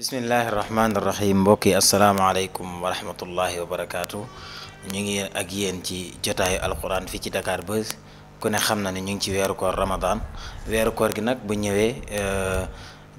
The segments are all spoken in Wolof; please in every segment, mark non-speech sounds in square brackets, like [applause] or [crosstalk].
bismillahi rahmaani rahim mbokk yi asalaamaaleykum wa rahmatullahi wa ñu ngi ak yéen ci jotaayu alquran fii ci Dakar Buzz ku xam na ne ñu ngi ci weeru koor Ramadan weeru koor gi nag bu ñëwee. Euh,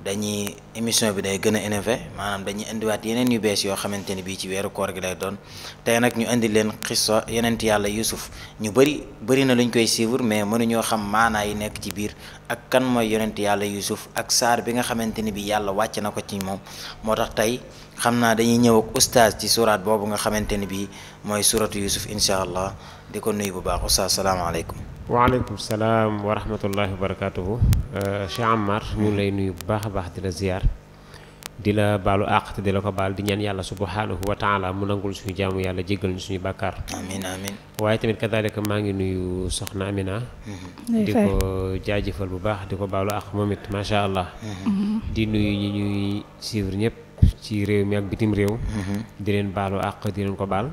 dañuy émission bi day gën a innové maanaam dañuy indiwaat yeneen yu bees yoo xamante ni bii ci weeru koor gi lay doon tey nag ñu indi leen xissa yonent yàlla Yuusuf ñu bëri bëri na luñ koy suivre mais ñoo xam maanaa yi nekk ci biir ak kan mooy yonent yàlla Yuusuf ak saar bi nga xamante ni bii yàlla wàcc na ko ci moom moo tax tey xam naa dañuy ñëw ak oustaz ci suraat boobu nga xamante ni bii mooy suratu Yuusuf incha allah di ko nuyu bu baax oustaz salaamaaleykum waaleykum salaam wa rahmatullahi wa barakaatuhu euh, Cheikh Amar ñu ngi lay nuyu bu baax a baax di la ziar di la baalu àq te di la ko baal di ñaan yàlla subhaanahu wa taala mu nangul suñu jàmm yàlla jéggal ñu suñu bàkkaar amiin amiin waaye tamit kadaalika maa ngi nuyu soxna Amina mm-hmm. di ko jaajëfal bu baax di ko baalu àq moom it macha allah mm-hmm. di nuyu ñi ñuy suivre ñëpp ci réew mi ak bitim réew mm-hmm. di leen baalu àq di leen ko baal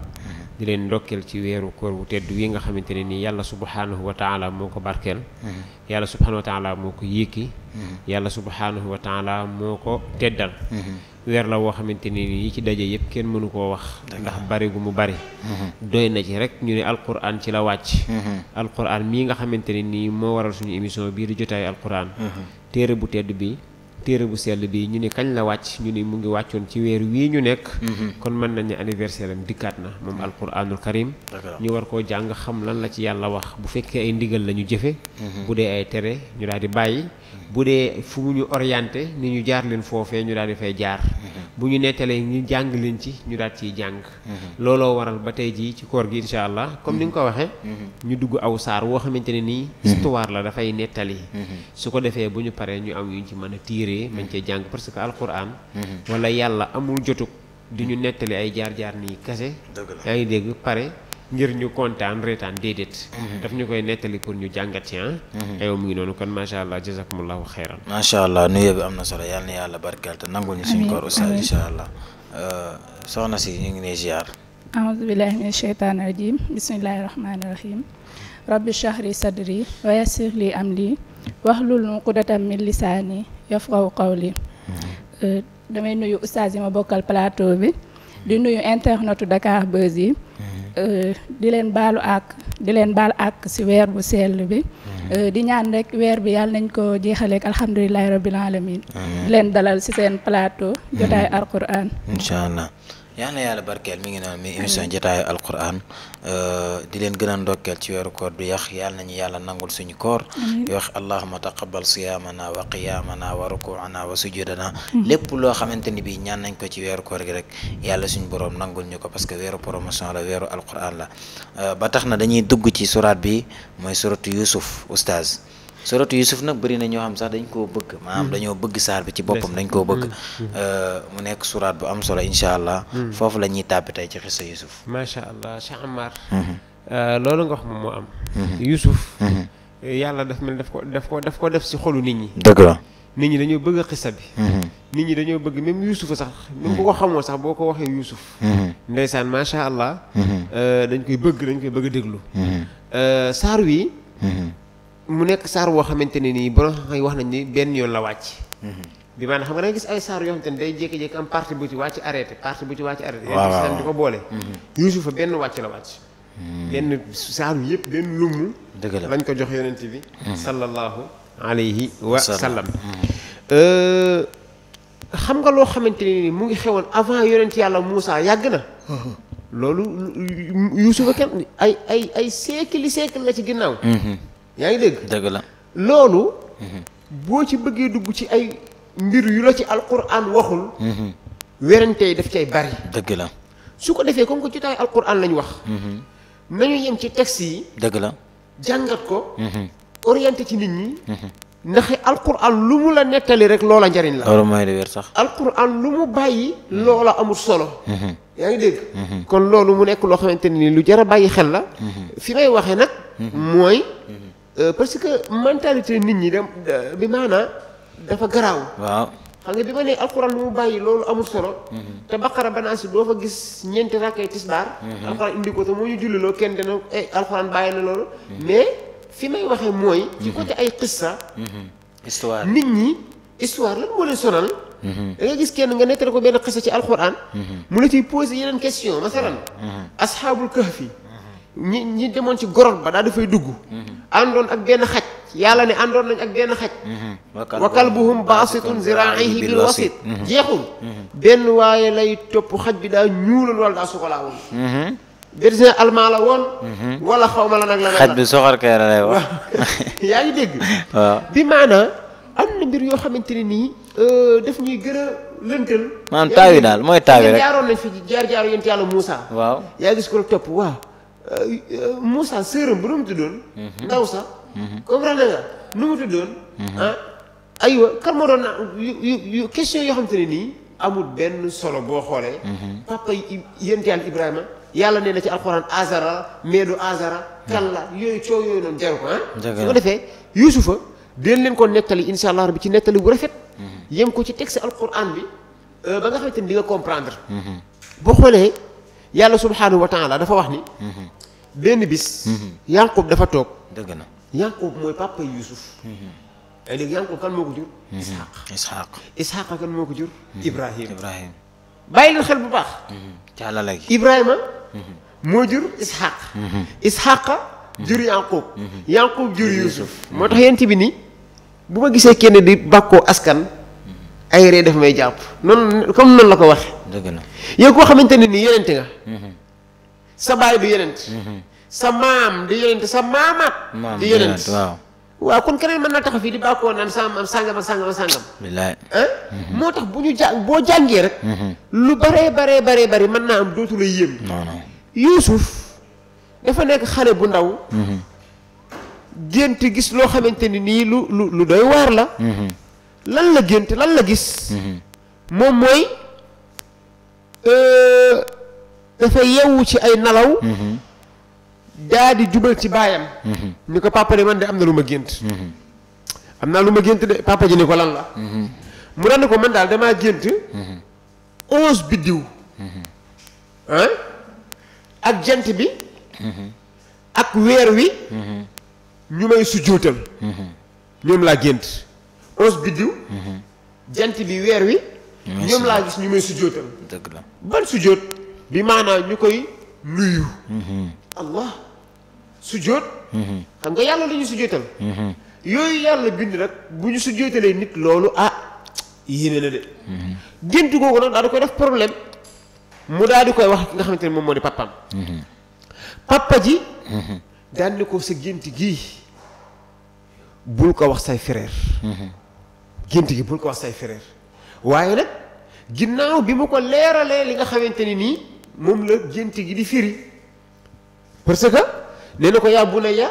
di leen ndokkeel ci weeru koor bu tedd wii nga xamante ne nii yàlla subhaanahu wa taala moo ko barkeel mm-hmm. yàlla subhaanahu wa taala moo ko yékki mm-hmm. yàlla subhaanahu wa taala moo ko teddal mm-hmm. weer la woo xamante ni nii ci daje yëpp kenn mënu koo wax ndax bari gu mu bari doy na ci rek ñu ne alquran ci la wàcc alquran mii nga xamante ne nii moo waral suñu émission bii di jotaay alquran téere bu tedd bi téere bu sell bii ñu ni kañ la wàcc ñu ni mu ngi wàccoon ci weer wii ñu nekk mm-hmm. kon mën nañ ne anniversaire am dikkaat na moom mm-hmm. alquranul karim ñu war koo jàng xam lan la ci yàlla wax bu fekkee ay ndigal la ñu jëfe mm-hmm. bu dee ay tere ñu daal di bàyyi bu dee fu mu ñu orienté ni ñu jaar leen foofee ñu daal di fay jaar bu ñu nettalee ñu jàng leen ci ñu daal ciy jàng mm-hmm. looloo waral ba tey jii ci koor gi incha allah comme ni nga ko waxee mm-hmm. ñu dugg aw saar woo xamante ne nii mm-hmm. histoire la dafay nettali su ko defee bu ñu paree ñu am yuñ ci mën a tiire mañ cee jàng parce que alquran wala yàlla amul jotug di ñu nettali ay jaar-jaar nii kase yaa ngi dégg pare ngir ñu kontaan reetaan déedéet. Mhm. daf ñu koy nettali pour ñu jàngat ci ah. Mhm. yow mu ngi noonu kon macha allah jazakumullahu xayran. macha allah nuyoo am na solo yal na yàlla barkeel te nangul ñu suñu koor oustaz incha allah. Euh, soxna si ñu ngi ne ziar. aouzu billahi min sheytaani bismillahi rahmaani rahim. rabbi shahri sadri wa yassir li amri wahlul uqdatan min lisaani yafqahu qawli. Mhm. Euh, damay nuyu oustaz yi ma bokkal plateau bi. di nuyu internetu Dakar Buzz Euh, di leen baalu àkk di leen baal àkk si weer bu sell bi mhm. euh, di ñaan rek weer bi yàlla nañ ko jeexaleeg alhamdulilahi rabbil alamin di leen dalal si seen plateau jotaay mhm. alquran incha allah yaa na yàlla barkeel mi ngi naan mi émission jotaayu alquran euh, di leen gën a ndokkeel ci weeru koor du yàq yàlla na ñu yàlla nangul suñu koor di wax allahuma taqabal siyaamana wa qiyaamana wa rukuana wa sujudana lépp loo xamante ni bii ñaan nañ ko ci weeru koor gi rek yàlla suñu borom nangul ñu ko parce que weeru promotion la weeru alquran la euh, ba tax na dañuy dugg ci suraat bi mooy suratu yusuf oustaz suratu Yusuf nag bëri na ñoo xam sax dañ koo bëgg maanaam mm. dañoo bëgg saar bi ci boppam dañ koo bëgg mm. Mm. Euh, mu nekk suraat bu am solo incha allah foofu la ñuy tàbbi tey ci xisa Yusuf macha allah Cheikh Amar mm-hmm. euh, loolu nga wax moom moo mm-hmm. Mm-hmm. yàlla daf mel daf ko daf ko daf ko def si xolu nit ñi dëgg la ñi dañoo bëgg xisa bi nit ñi dañoo bëgg même Youssouf sax même bu ko sax boo ko waxee Youssouf ndeysaan macha allah euh, dañ koy bëgg dañ koy bëgg déglu saar wi mu nekk saar woo xamante ne nii borom xam-xam yi wax nañ ni benn yoon la wàcc. bi maanaam xam nga da gis ay saar yoo xamante ne day jékki-jékki am partie bu ci wàcc arrêté partie bu ci wàcc arrêté. waaw waaw di ko boole. Mhm. Yuusufa benn wàcc la wàcc. Hmm. benn saar yëpp benn lumu. dëgg la lañ ko jox yonent bi. Hmm. sallallahu alayhi wa sallam. Hmm. Euh, xam nga loo xamante ne nii mu ngi xewoon avant yonent yàlla Moussa yàgg na. loolu Yuusufa kenn ay ay ay siècle siècle la ci ginnaaw. yaa ngi dégg. dëgg la loolu. Mhm. boo ci bëggee dugg ci ay mbir yu la ci alquran waxul. Mhm. werante yi def cay bari. dëgg la su ko defee comme que ci taay alquran lañ wax. Mhm. nañu yem ci texte yi. dëgg la jàngat ko. orienté ci nit ñi. ndax alquran lu mu la nettali rek loola njariñ la. loolu mooy li wér sax. alquran lu mu bàyyi loola amul solo. yaa ngi dégg. kon loolu mu nekk loo xamante ni lu jar a bàyyi xel la. fi may waxe nag. mooy. Euh, parce que mentalité nit ñi dem euh, bi maanaa dafa garaaw. waaw xam nga bi ma ne alxuraan lu mu bàyyi loolu amul solo. Mhm. te baqara banaa si doo fa gis ñeenti rakkay tisbaar. Mhm. alxuraan indi ko te moo ñu julliloo kenn dana ay eh, alxuraan bàyyi na loolu. Mhm. mais fi may waxee mooy. ci côté ay xissa histoire nit ñi histoire lan moo leen sonal. da nga gis kenn nga nettali ko benn xissa ci alxuraan. mu la ciy posé yeneen question masalan asxaabul kahfi ñi ñi demoon ci gorol ba daal dafay dugg mm-hmm. àndoon ak benn xaj yàlla ne àndoon nañ ak benn xaj mm-hmm. wa kalbuhum baasitun ziraa'ihi bil wasit mm-hmm. jeexul benn waaye lay topp xaj bi daal ñuulal wala daa soxlaa la woon wala xaw la nag la xaj bi soxor kay la [laughs] yaa ngi dégg [laughs] waaw bi maanaa am na mbir yoo xamante ni nii euh, daf ñuy gën a lëntal maanaam taaw yi daal mooy taaw yi rek jaaroon nañ fi jaar jaaru yent yàlla Moussa yaa gis ko la topp waaw Euh, Moussa sërëm bu nu mu tuddoon. Mhm. ndaw sa. Mhm. comprendre nga nu mu tuddoon. Mhm. ah aywa kan moo doon yu question yoo xam te ne nii amul benn solo boo xoolee. papa yi yéen Ibrahima yàlla nee na ci alxuraan azara meedu azara. kalla yooyu yooyu noonu jaru ko ah. su ko defee Yuusufa dinañ leen allah bi ci nettali bu rafet. ci texte alxuraan bi euh, ba nga xamante ni di nga comprendre. boo xoolee yàlla subhaanahu wa dafa wax ni. benn bis. Mhm. Yankub dafa toog. dëgg na Yankub mooy papa Youssouf. ay mhm. léegi Yankub kan moo ko jur. Mhm. Isxaq Isxaq. Isxaq kan moo ko jur. Ibrahima bàyyi leen xel bu baax. caalaa la Ibrahima. moo jur Isxaq. Isxaq jur Yankub. Yankub jur Youssouf. moo tax yent bi nii bu ma gisee kenn di bàkkoo askan. ay ree daf may jàpp noonu comme noonu la ko waxee. dëgg na yow koo xamante ne nii yonent nga. sa baay bi yonent. sa maam di yonent sa maamaat. maam di yonent waaw. waaw kon keneen mën naa taxaw fii di bàkkoo naan sama maam sàngam ak sàngam ak sàngam. bilaay ah. Eh? Mhm. moo tax bu ñu jàng boo jàngee rek. Mhm. lu baree baree baree bari mën naa am dootu la yéem. non non Youssouf dafa nekk xale bu ndaw. Mhm. gént gis loo xamante ni nii lu lu lu doy waar la. lan la gént lan la gis. moom mooy euh, dafa yeewu ci ay nalaw. daa jubal ci baayam mhm. ni ko papa man de am na lu ma gént mhm. am naa lu ma gént de papa ji ni ko lan la mhm. mu daan ko man daal damaa gént onze biddiw ak jant bi ak weer wi ñu may sujjóotal ñoom laa gént onze biddiw jant bi weer wi ñoom laa gis ñu may sujjóotal dëgg sujjóot bi maanaam ñu koy nuyu sujjóot xam nga yàlla la ñu sujjóotal yooyu yàlla bind nag bu ñu sujjóotalee nit loolu ah yéene na de gént googu nag daal di koy def problème mu daal di koy wax ki nga xamante moom moo di papaam ji daal ni ko sa gént gii bul ko wax say frère gént gi bul ko wax say frère waaye nag ginnaaw bi ko leeralee li nga xamante ni nii moom la gént gi di firi parce que léena ko yaa bunayya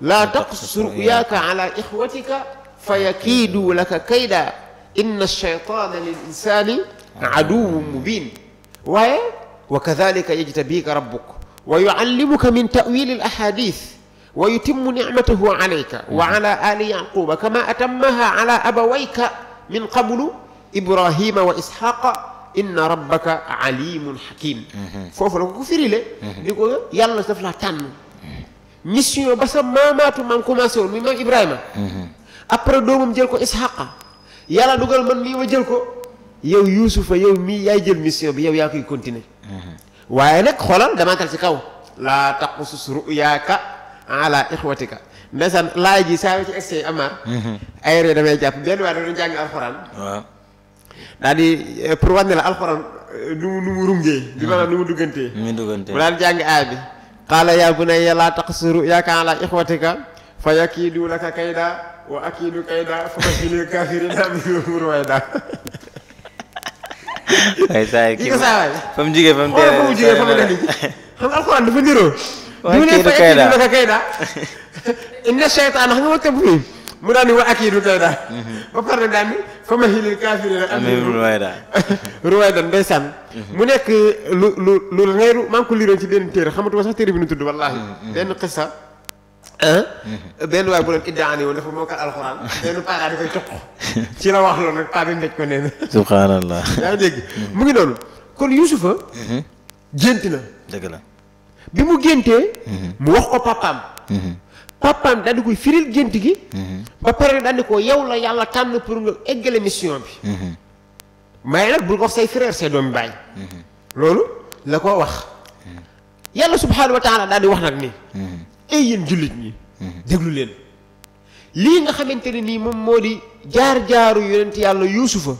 laa taqsus ru'yaaka ala ixwatika fa yakiidu laka kayda inna shaytaana lil insaani aduwwun mubiin waaye wa kadalika yajtabiika rabbuk wa yuallimuka min ta'wiili al ahaadiis wa yutimmu nicmatahu alayka wa ala aali yaquuba kama atammaha ala abawayka min qablu ibrahima wa isxaaqa inna rabbaka alimun hakim mhm. foofu la ko ko firile mhm. ni ko yàlla daf laa tànn mission ba sa maamaatu maam commencé woon muy maam Ibrahima. Mhm. après doomam jël ko Ishaqa yàlla dugal man mii ma jël ko yow Yuusufa yow mii yaay jël mission bi yow yaa koy continuer. Mhm. waaye nag xoolal damantal ci kaw. laa taqusus ruyaaka ala ixwatika ndeysaan laay ji saa yoo ci excès Amar. Mhm. ay réew damay jàpp benn waaye dañu jàng alxuraan. waaw daal di eh, pour wax ne la alxuraan lu eh, mu nu mu rungee. di mu duggantee. nu mu duggantee mu bi. qaala yaa bunayya laa taqsuru yaaka ala ixwatika fa yakiidu laka kayda wa akiidu kayda fa makilil kaafirina amur [laughs] wayda waaye saa yi kii ko saa waay fa mu jugee fa mu teel a mu jugee fa mu def xam nga alxuraan dafa niroo. waaye kii du kayda bu ne fa yakiidu laka kayda [laughs] inna shaytaan xam nga ma tëb fii mu daal ni wa akiidu kaydaa mhm. ba pare daal ni fa mahilil kaafiriina amhiilhum ruwaydaa [laughs] ruwaydaa ndeysaan mhm. mu nekk lu lu lu reeru maa liiroon ci benn téere xamatuma sax téere bi nu tudd wallaahi mhm, benn xissa ah? benn waay bu doon iddaani woon dafa mokkal alxuraan [laughs] benn la wax loolu rek paa bi ndej ko nee na subhaanallah [laughs] dégg mu ngi noonu kon Yuusufa gént na dëgg la bi mu géntee mu wax ko papaam papaam daal di koy firil gént gi. Mhm. ba pare daal di ko yow la yàlla tànn pour nga eggale mission bi. Mhm. may nag bul ko wax say frère say doomi baay. Mhm. loolu la koo wax. yàlla subhaanahu wa daal di wax nag ni. ay yéen jullit ñi. déglu leen. lii nga xamante ne nii moom moo di jaar-jaaru yonent yàlla yuusufa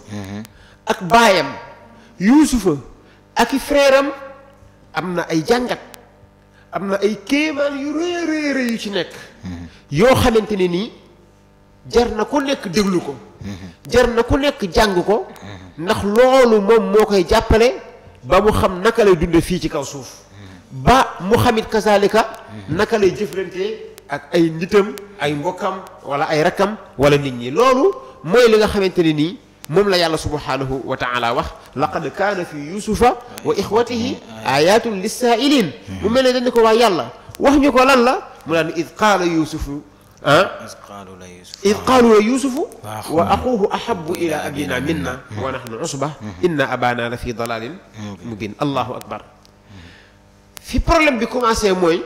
ak baayam yuusufa ak i frère am na ay jàngat. am na ay kéemaan yu rëy rëy yu ci nekk yoo xamante ne nii jar na ku nekk déglu ko jar na ku nekk jàng ko ndax loolu moom moo koy jàppale ba mu xam naka lay dunde fii ci kaw suuf ba mu xamit kasalika naka lay jëflantee ak ay nitam ay mbokkam wala ay rakkam wala nit ñi loolu mooy li nga xamante ni nii moom la yàlla subhanahu wa taala wax laqad kaana fi yusufa wa ixwatihi ayatun lissaailin mu mel ko wax yàlla wax ñu ko lan la mu id qaala ah? yusufu id qaalu la yusufu wa aquuhu ahabu ila abina minna wa nahnu usba inna abana la fi dalalin mubin allahu akbar fi problème bi commencé mooy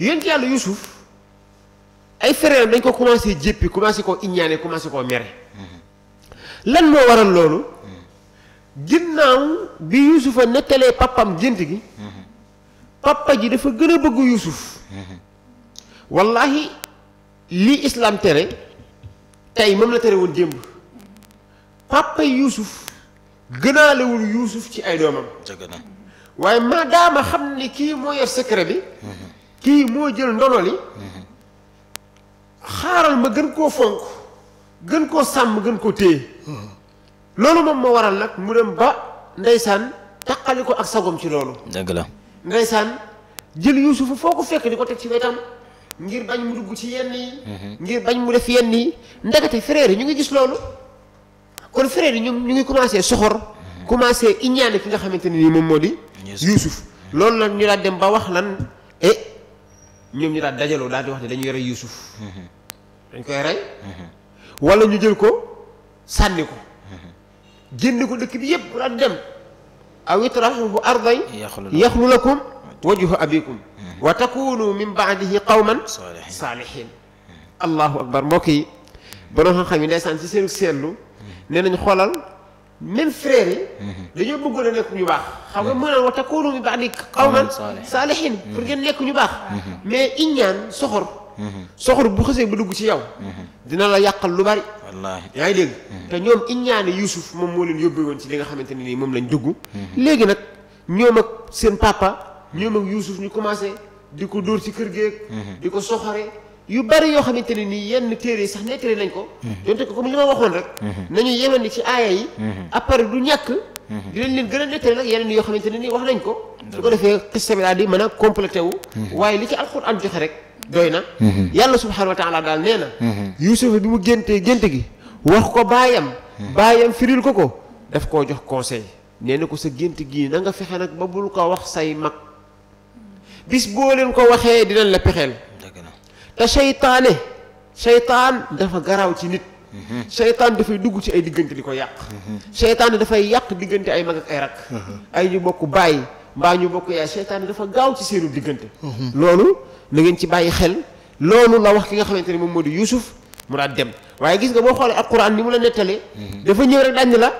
yéen yàlla yusuf ay frère dañ ko commencé jéppi commencé koo iññaane commencé koo mere lan moo waral loolu ginnaaw bi yuusufa nettalee papam jënt gi papa ji dafa gën a bëgg yuusuf wallahi lii islaam tere tey moom la tere woon démb papa yuusuf gënaalewul yuusuf ci ay doomam waaye maadaama xam ni kii moo yor secret bi kii moo jël ndono li mhm. xaaral ma gën koo fonk gën koo sàmm gën koo téye loolu moom moo waral nag mu dem ba ndeysaan taqali ko ak sagom ci loolu dëgg la ndeysaan jël yuusufa foo ko fekk di ko teg ci wetam ngir bañ mu dugg ci yenn yi mhm. ngir bañ mu def yenn yi ndekete frère yi ñu ngi gis loolu kon frère yi ñoom ñu ngi commencé soxor mhm. commencé iñaane ki nga xamante ni nii moom moo di yuusuf loolu nag ñu daal dem ba wax lan e ñoom ñu daal dajaloo daal di wax ne dañu yore yuusuf mhm. dañ koy rey wala ñu jël ko sànni ko génn ko dëkk bi yëpp bu daan dem aw itrahuhu ardan yaxlu lakum wajhu abikum hmm. wa takunu min baadihi qawman saalihin allahu akbar mbokk yi borom xam-xam yi ndeysaan ci seen seetlu hmm. nee nañ xoolal même frère yi hmm. dañoo bëggoon a nekk ñu baax xam nga mën naan wa takunu min baadi qawman saalihin pour ngeen nekk ñu baax mais iñaan soxor bu xësee bu dugg ci yow. dina la yàqal lu bari. wallaahi yaa ngi dégg. Mm-hmm. te ñoom iññaane Yuusuf moom moo leen yóbbee woon ci li nga xamante ne nii moom lañ dugg. Mm-hmm. léegi nag ñoom ak seen papa. ñoom ak Yuusuf ñu commencé di ko dóor ci kër géeg mm-hmm. di ko soxore yu bari yoo xamante ne nii yenn téere yi sax nettali nañ ko. donte ko comme li ma waxoon rek. nañu yemandi ci aaya yi. après du ñàkk. dinañ leen gën a nettali nag yeneen yoo xamante ne nii wax nañ ko. su ko defee xista bi mën a complété wu. waaye li ci alxuraan joxe rek. doy na mhm. yàlla subhaanahu wa taala daal nee na mhm. yuusufa bi mu géntee génte gi wax ko baayam mhm. baayam firil ko ko daf koo jox conseil nee na ko sa gént gii na fexe nag ba bul ko wax say mag bis boo leen ko waxee dinañ la pexeel te seytaane seytaan dafa garaaw ci nit seytaan dafay dugg ci ay diggante di ko yàq seytaan dafay yàq diggante ay mag ak ay rak ay ñu bokk baay mbaa ñu bokk yaay seytaan dafa gaaw ci seenu diggante loolu na ngeen ci bàyyi xel loolu la wax ki nga xamante ne moom moo di Youssouf mu daal dem waaye gis nga boo xoolee alquran ni mu la nettalee. Mhm. dafa ñëw rek daañu la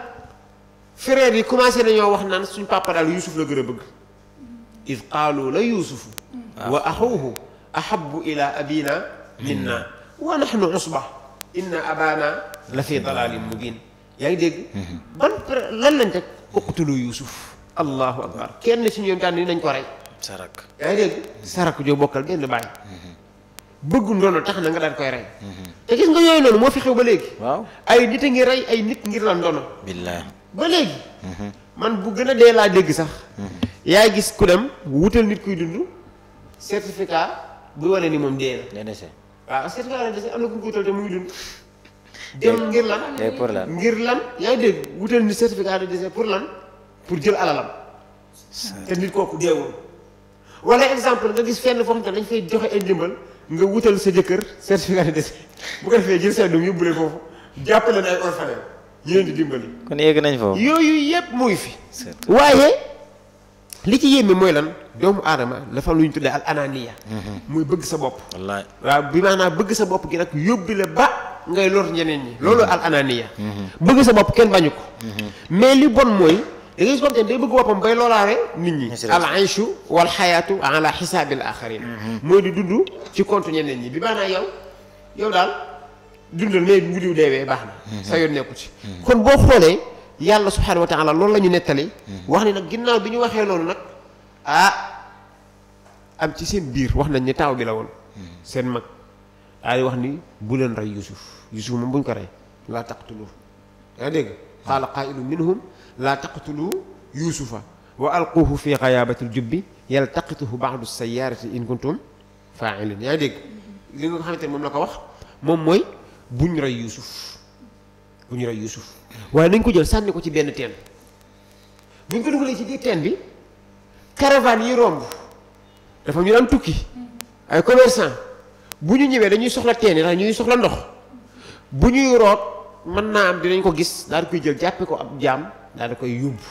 frère yi commencé nañoo wax naan suñ papa daal Youssouf la gën a bëgg. iz qaalu la Youssouf. wa axuuhu ahabbu ila abina minna mhm. wa nahnu usba inna abana la fi dalalin mubin yaa ngi dégg. Mhm. ban lan lañ teg uqtulu Youssouf. allahu akbar kenn ci ñoom daan nañ ko rey. sarak yaa dégg sarak joo bokkal benn bàyyi bëgg ndono tax na nga daan koy rey te gis nga yooyu noonu moo fi xew ba léegi waaw ay nit a ngi rey ay nit ngir la ndono billaah ba léegi man bu gën a dee laa dégg sax yaay gis ku dem wutal nit kuy dund certificat bu wane ni moom dee na waaw certificat la dese am na ku ko wutal te muy dund dem ngir lan ngir lan yaa ngi dégg wutal ni certificat de décès pour lan pour jël alalam te nit kooku deewul wala exemple nga gis fenn foo xam te dañ fay joxe ay ndimbal nga wutal sa jëkkër certificat de décès bu ko defee jël seen doom yóbbu leen foofu jàpp leen ay orphelin leen yegg nañ foofu. yooyu yëpp muy fi. waaye li ci yéeme mooy lan doomu aadama dafa lu ñu tuddee mhm. muy bëgg sa bopp. wallaay waaw bi maanaam bëgg sa bopp gi nag yóbbi la ba ngay lor ñeneen ñi. loolu mhm. al ananiya. Mhm. bëgg sa bopp kenn bañu ko. mais li bon mooy. da ngay compter day bëgg boppam bay loolaale nit ñi. al ayshu wal xayaatu ala xisaabil axarin mm-hmm. mooy di dund ci compte ñeneen ñi bi maanaam yow yow daal dundal mais bu diw deewee baax na. Mm-hmm. sa yoon nekku ci. Mm-hmm. kon boo xoolee yàlla subhaanahu wa taala loolu la ñu nettali. wax ni nag ginnaaw bi ñu waxee loolu nag ah am ci seen biir wax nañ ni taaw bi la woon. seen mag daal di wax ni bu leen rey Yusuf Yusuf moom buñ ko rey laa taqtuluhu yaa dégg qaala qaa'ilun minhum laa taqtulu yuusufa wa alquuhu fi xayaabatil jubbi yaltaqituhu ba'du sayyaarati in kuntum faa'ilin yaa ngi dégg li nga xamante ne moom la ko wax moom mooy bu buñ rey yuusuf buñ rey yuusuf waaye nañ ko jël sànni ko ci benn teen buñ ko bi caravane yi romb dafa ñu daan tukki ay commerçant bu ñu ñëwee dañuy soxla teen yi ndax soxla ndox bu ñuy root mën naa am dinañ ko gis daal di koy jël jàppe ko ab jaam daal di koy yóbbu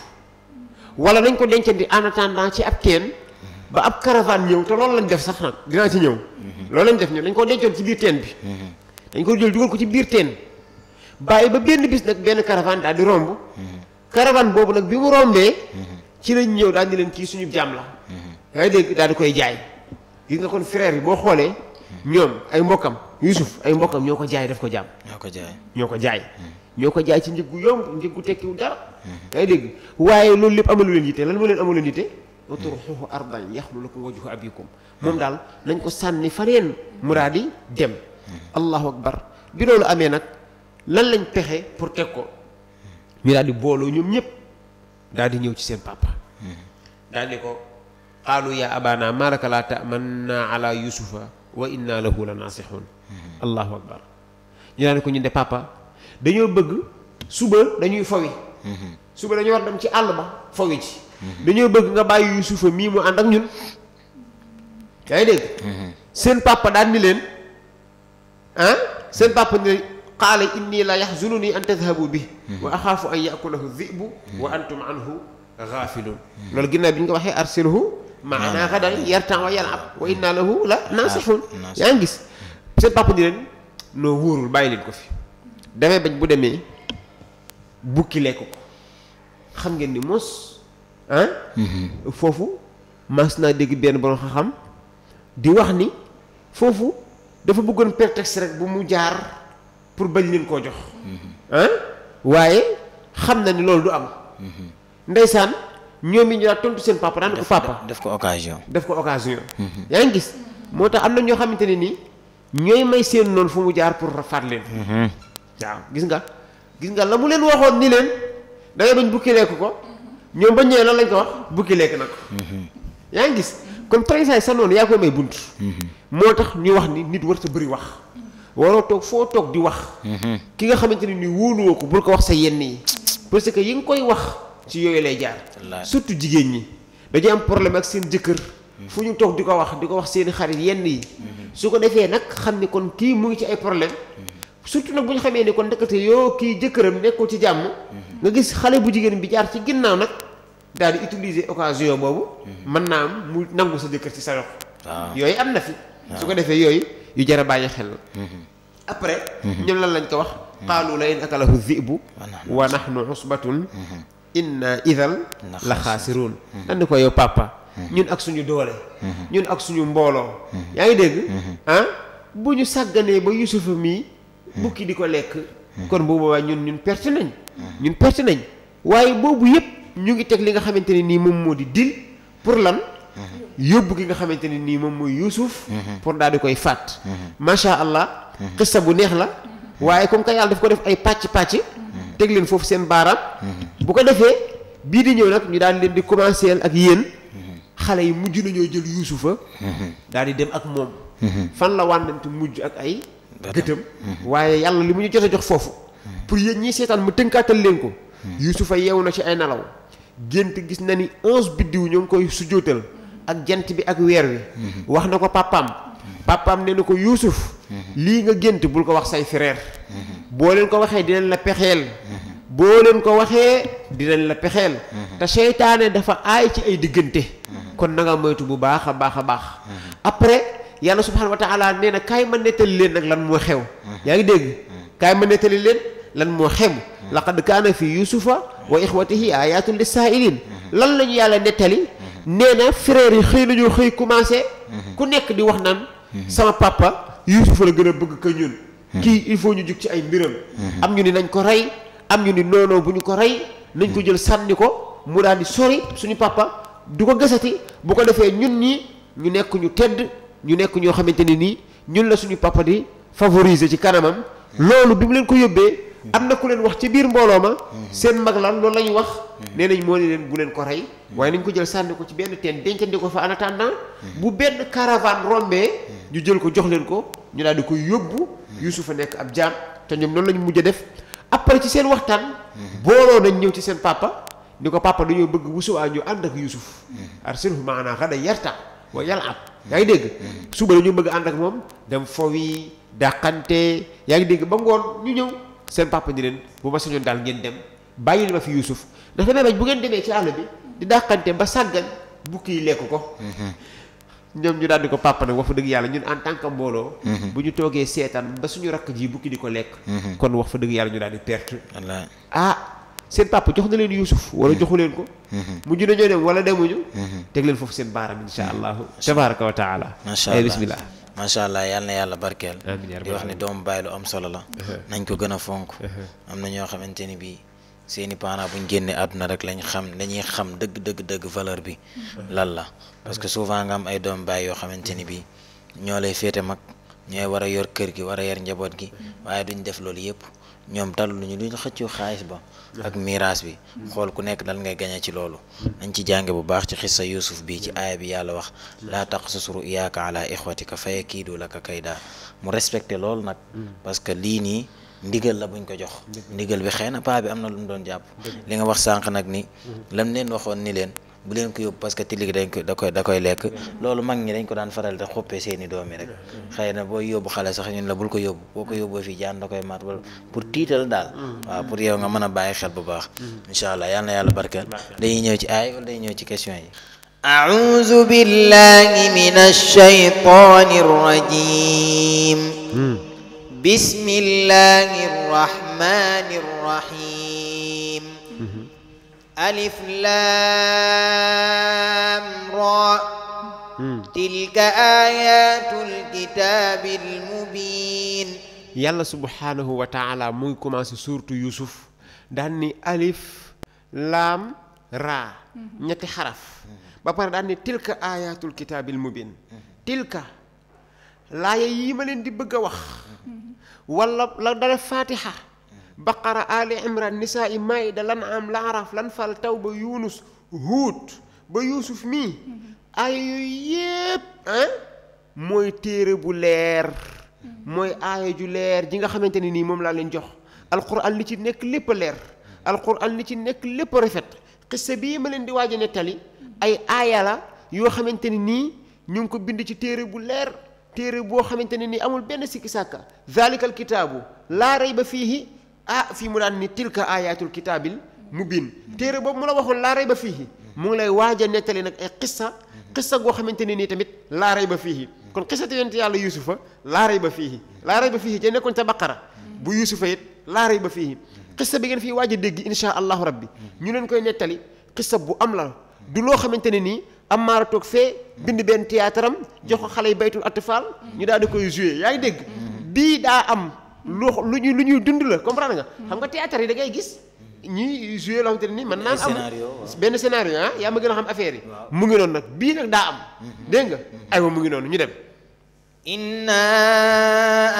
wala nañ ko dencandi en attendant ci ab teen ba ab caravane ñëw te loolu lañ def sax nag dinaa ci ñëw mhm. loolu lañ def ñëw dañ koo dencoon ci biir teen bi mhm. dañ ko jël dugal ko ci biir teen bàyyi ba benn bis nag benn caravane daal di romb mhm. caravane boobu nag bi mu rombee ci lañ ñëw daal di leen ci suñu jàmm la yaa ngi dégg daal di koy jaay gis nga kon frère yi boo xoolee ñoom ay mbokkam Yusuf ay mbokkam ñoo ko jaay def ko jàmm ñoo ko jaay ñoo ko jaay ñoo ko jaay ci njëg gu yomb njëg gu tekkiwu dara yaa ngi dégg waaye loolu lépp amalu leen yitte lan moo leen amalu leen yitte utruxuhu ardan yaxlu lakum wajhu ko moom daal nañ ko sànni fa fareen muraadi dem allahu akbar bi loolu amee nag lan lañ pexe pour teg ko ñu booloo ñoom ñëpp daal di ñëw ci seen papa daal di ko qaalu ya abana malaka laa tamanna ala yusufa wa inna lahu la naasixun allahu akbar ñu daal di ko ñu de dañoo bëgg suba dañuy fawi mhm. suba dañu war dem ci àll ba fawi ci mhm. dañoo bëgg nga bàyyi Yuusufa mii mu ànd ak ñun yaa ngi dégg mhm. seen papa daan ni leen ah seen papa ni qaala inni la yaxzununi an tadhabu an yakulahu dhibu wa antum anhu gaafiluun ko waxee arsilhu maanaa xadan yartan wa yalab la naasixuun yaa ngi gis seen papa leen noo wóorul bàyyi leen ko fi damay bañ bu demee bukki lekk ko xam ngeen ni mos ah foofu mas naa dégg benn borom xam-xam di wax ni foofu dafa bëggoon prétexte rek bu mu jaar pour bañ leen koo jox ah waaye xam na ni loolu du am mm-hmm. ndeysaan ñoom yi ñu tontu seen papa daan ko papa def ko occasion def ko occasion yaa ngi gis moo tax am na ñoo xamante ne nii ñooy may seen noonu fu mu jaar pour rafaat leen waaw gis nga gis nga la mu leen waxoon ni leen da ngay bañ bukki lekk ko ñoom bañ ñëwee la lañ ko wax bukki lekk na ko mhm. yaa ngi gis kon tarisaay sa noonu yaa koy may bunt mhm. moo tax ñuy wax ni nit war sa bëri wax waroo toog foo toog di wax mhm. ki nga xamante ni ni wóoluwoo ko bul ko wax sa yenn yi parce que yi nga koy wax ci yooyu lay jaar surtout jigéen ñi dañuy am problème ak seen jëkkër fu ñu toog di ko wax di ko wax seen xarit yenn yi su ko defee nag xam ni kon kii mu ngi ci ay surtout nag bu ñu xamee ne kon ndekete yoo kii jëkkëram nekkul ci jàmm. nga gis xale bu jigéen bi jaar ci ginnaaw nag daal di utiliser occasion boobu. mën naa am mu nangu sa jëkkër ci sa yox ah. yooyu am na fi. Ah. su ko defee yooyu yu jar a bàyyi xel la. Mm-hmm. après. Mm-hmm. ñoom lan lañ ko wax. Mm-hmm. qaalu la in akalahu zibu wa nahnu usbatun inna idal la xaasiruun dan ni ko yow papa ñun ak suñu doole ñun ak suñu mbooloo yaa ngi dégg ah? bu ñu sàgganee ba yusufa mii bukki di ko lekk kon bu boobaa ñun ñun perte nañ ñun perte nañ waaye boobu yëpp ñu ngi teg li nga xamante ni nii moom moo di dil pour lan yóbbu ki nga xamante ni nii moom mooy Yuusuf pour daal di koy fàtt macha allah xista bu neex la waaye comme que yàlla daf ko def ay pàcc-pàcc teg leen foofu seen baaraam bu ko defee bii di ñëw nag ñu daal di leen di commencer ak yéen xale yi mujj nañoo jël Yuusufa daal di dem ak moom fan la wànnante mujj ak ay gëtëm waaye yàlla li mu ñu jot a jox foofu pour yéen ñii seetaan mu tënkaatal leen ko yuusufa yeewu na ci ay nelaw gént gis na ni onze biddiw ñoo ngi koy sujjóotal ak jant bi ak weer wi wax na ko pàppam papaam nee na ko yuusuf lii nga gént bul ko wax say frère boo leen ko waxee dinañ la pexeel boo leen ko waxee dinañ la pexeel te seytaane dafa aay ci ay diggante kon na moytu bu baax a baax a baax après yàlla subhaanahu wa taala nee na kaay ma nettali leen nag lan moo xew mm-hmm. yaa ngi dégg mm-hmm. kaay ma nettali leen lan moo xew mm-hmm. laqad kaana fi yusufa wa ixwatihi ayatun lissaa'ilin lan la ñu yàlla nettali nee na frère yi xëy nañu xëy commencé ku nekk di wax naan sama papa yusufa la gën a bëgg ko ñun kii il faut ñu jug ci ay mbiram am ñu ni nañ ko rey am ñu ni noonoo bu ñu ko rey nañ ko jël sànni ko mu daal di sori suñu papa du ko gësati bu ko defee ñi ñu nekk ñu ñu nekk ñoo xamante ne nii ñun la suñu papa di favoriser ci kanamam loolu bi mu leen ko yóbbee am na ku leen wax ci biir mbooloo ma seen mag lan loolu la ñu wax nee nañ moo ne leen bu leen ko rey waaye nañ ko jël sànni ko ci benn teen dencandi ko fa en attendant bu benn caravane rombee ñu jël ko jox leen ko ñu daal di koy yóbbu Yuusufa nekk ab jaam te ñoom noonu la ñu mujj def après ci seen waxtaan booloo nañ ñëw ci seen papa ni ko papa dañoo bëgg wusuwaa ñu ànd ak Yuusuf mm-hmm. arsilhu maanaa xada mooy yàlla am yaa ngi dégg suba la ñu bëgg ànd ak moom dem fowi dàqante yaa ngi dégg ba ngoon ñu ñëw seen papa ni leen bu ma sañoon daal ngeen dem bàyyi li ma fi Yuusuf ndax damay bañ bu ngeen demee ci àll bi di dàqante ba sàggan bukki yi lekk ko mhm. ñoom ñu daal di ko papa nag wax fa dëgg yàlla ñun en tant que mbooloo mhm. bu ñu toogee seetaan ba suñu rakk ji bukki di ko lekk mhm. kon wax fa dëgg yàlla ñu daal di perte ah seen papa jox na leen Youssouf wala hmm. joxu leen ko. Hmm. mujj nañoo dem wala demuñu. Hmm. teg leen foofu seen baaram incha allahu. tabaraka wa taala. macha eh, allah bismillah. macha allah yal yàlla barkeel. di wax ne doomu baay lu am solo la. Eh, eh. nañ ko gën a fonk. am na ñoo xamante ni bii seeni parents buñ génnee àdduna rek lañ xam dañuy xam dëgg dëgg dëgg valeur bi. lan la parce que souvent nga am ay doomu baay yoo xamante ni bii ñoo lay féete mag ñooy war a yor kër gi war a yor njaboot gi waaye duñ def loolu yëpp. ñoom lu ñu duñ xëccoo xaalis ba ak miraas bi xool ku nekk dal ngay gañe ci loolu nañ ci jànge bu baax ci xissa yuusuf bi ci aaya bi yàlla wax laa taqsus ka ala ixwatika fa yakiidu kay kaydaa mu respecté loolu nag parce que lii nii ndigal la buñ ko jox ndigal bi xëy na paa bi am na lu mu doon jàpp li nga wax sànq nag ni lam leen waxoon ni leen bu leen ko yóbbu parce que tilig dañ koy da koy lekk loolu mag ñi dañ ko daan faral di xoppee seeni doom yi rek xëy na boo yóbbu xale sax ñun la bul ko yóbbu boo ko yóbboo fii jaan da koy maat wala pour tiital daal mm-hmm. waaw pour yow nga mën a bàyyi xel bu baax mm-hmm. incha allah yàlla na yàlla barkeel dañuy ñëw ci aay wala dañuy ñëw ci question yi أعوذ بالله من الشيطان الرجيم بسم الله الرحمن الرحيم ألف لام را تلك آيات الكتاب المبين yàlla subhaanahu wa mu ngi commencé suurtu Yuusuf daan ni alif laam raa ñetti xaraf ba pare daan ni tilka aayatul kitaabil mubin tilka laaya yi ma leen di bëgg a wax wala la dale faatiha baqara ali imran nisaa i da lan am la lan fal taw ba yunus huut ba yuusuf mii aaya yooyu yépp ah mooy téere bu leer mooy aaya ju leer ji nga xamante ne nii moom laa leen jox alquran li ci nekk lépp a leer alquran li ci nekk lépp a rafet xissa bii ma leen di waaj a nettali ay aaya yoo xamante ne nii ñu ngi ko bind ci téere bu leer téere boo xamante ne nii amul benn sikki sàkka zalikal kitaabu laa rayba fiihi ah fii mu naan ni tilka ayatul kitaabil mubin téere boobu mu la waxoon laa rey ba fii mu ngi lay waaja a nettali nag ay xissa xissa goo xamante ne nii tamit laa ba fii kon xissati yonent yàlla yusufa laa rey ba fii laa rey ba fii te nekkoon ca baqara bu yusufa it laa rey ba fii xissa bi ngeen fii waaj a dégg insha allahu rabbi ñu leen koy nettali xissa bu am la du loo xamante ne nii Amara toog fee bind benn théâtre am jox ko xale yi baytul atfaal ñu daal di koy joué yaa ngi dégg bii daa am lu lu ñuy lu ñuy dund la comprendre nga. xam nga théâtre yi da ngay gis. ñuy joué loo xamante ne nii mën naa am benn scénario ah yaa ma gën a xam affaire yi. mu ngi noonu nag bii nag daa am. Mhm. dégg ay mhm. aywa mu ngi noonu ñu dem. inna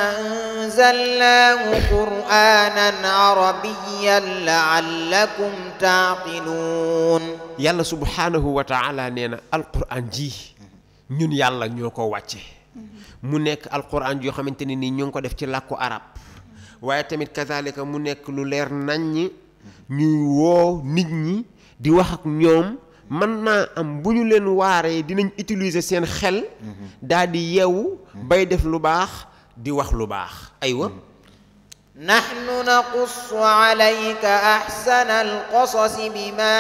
anzalnaahu qur'aanan arabiyyan la'allakum ta'qiluun. yàlla subhaanahu wa nee na alqur'aan ji mhm. ñun yàlla ñoo ko wàcce. mu nekk alquran joo xamante ne nii ñu ngi ko def ci làkku arab waaye tamit kazalika mu nekk lu leer naññ ñuy woo nit ñi di wax ak ñoom mën naa am bu ñu leen waaree dinañ utiliser seen xel daal di yeewu bay def lu baax di wax lu baax aywa naxnu naqussu alayka axsana alqasasi bima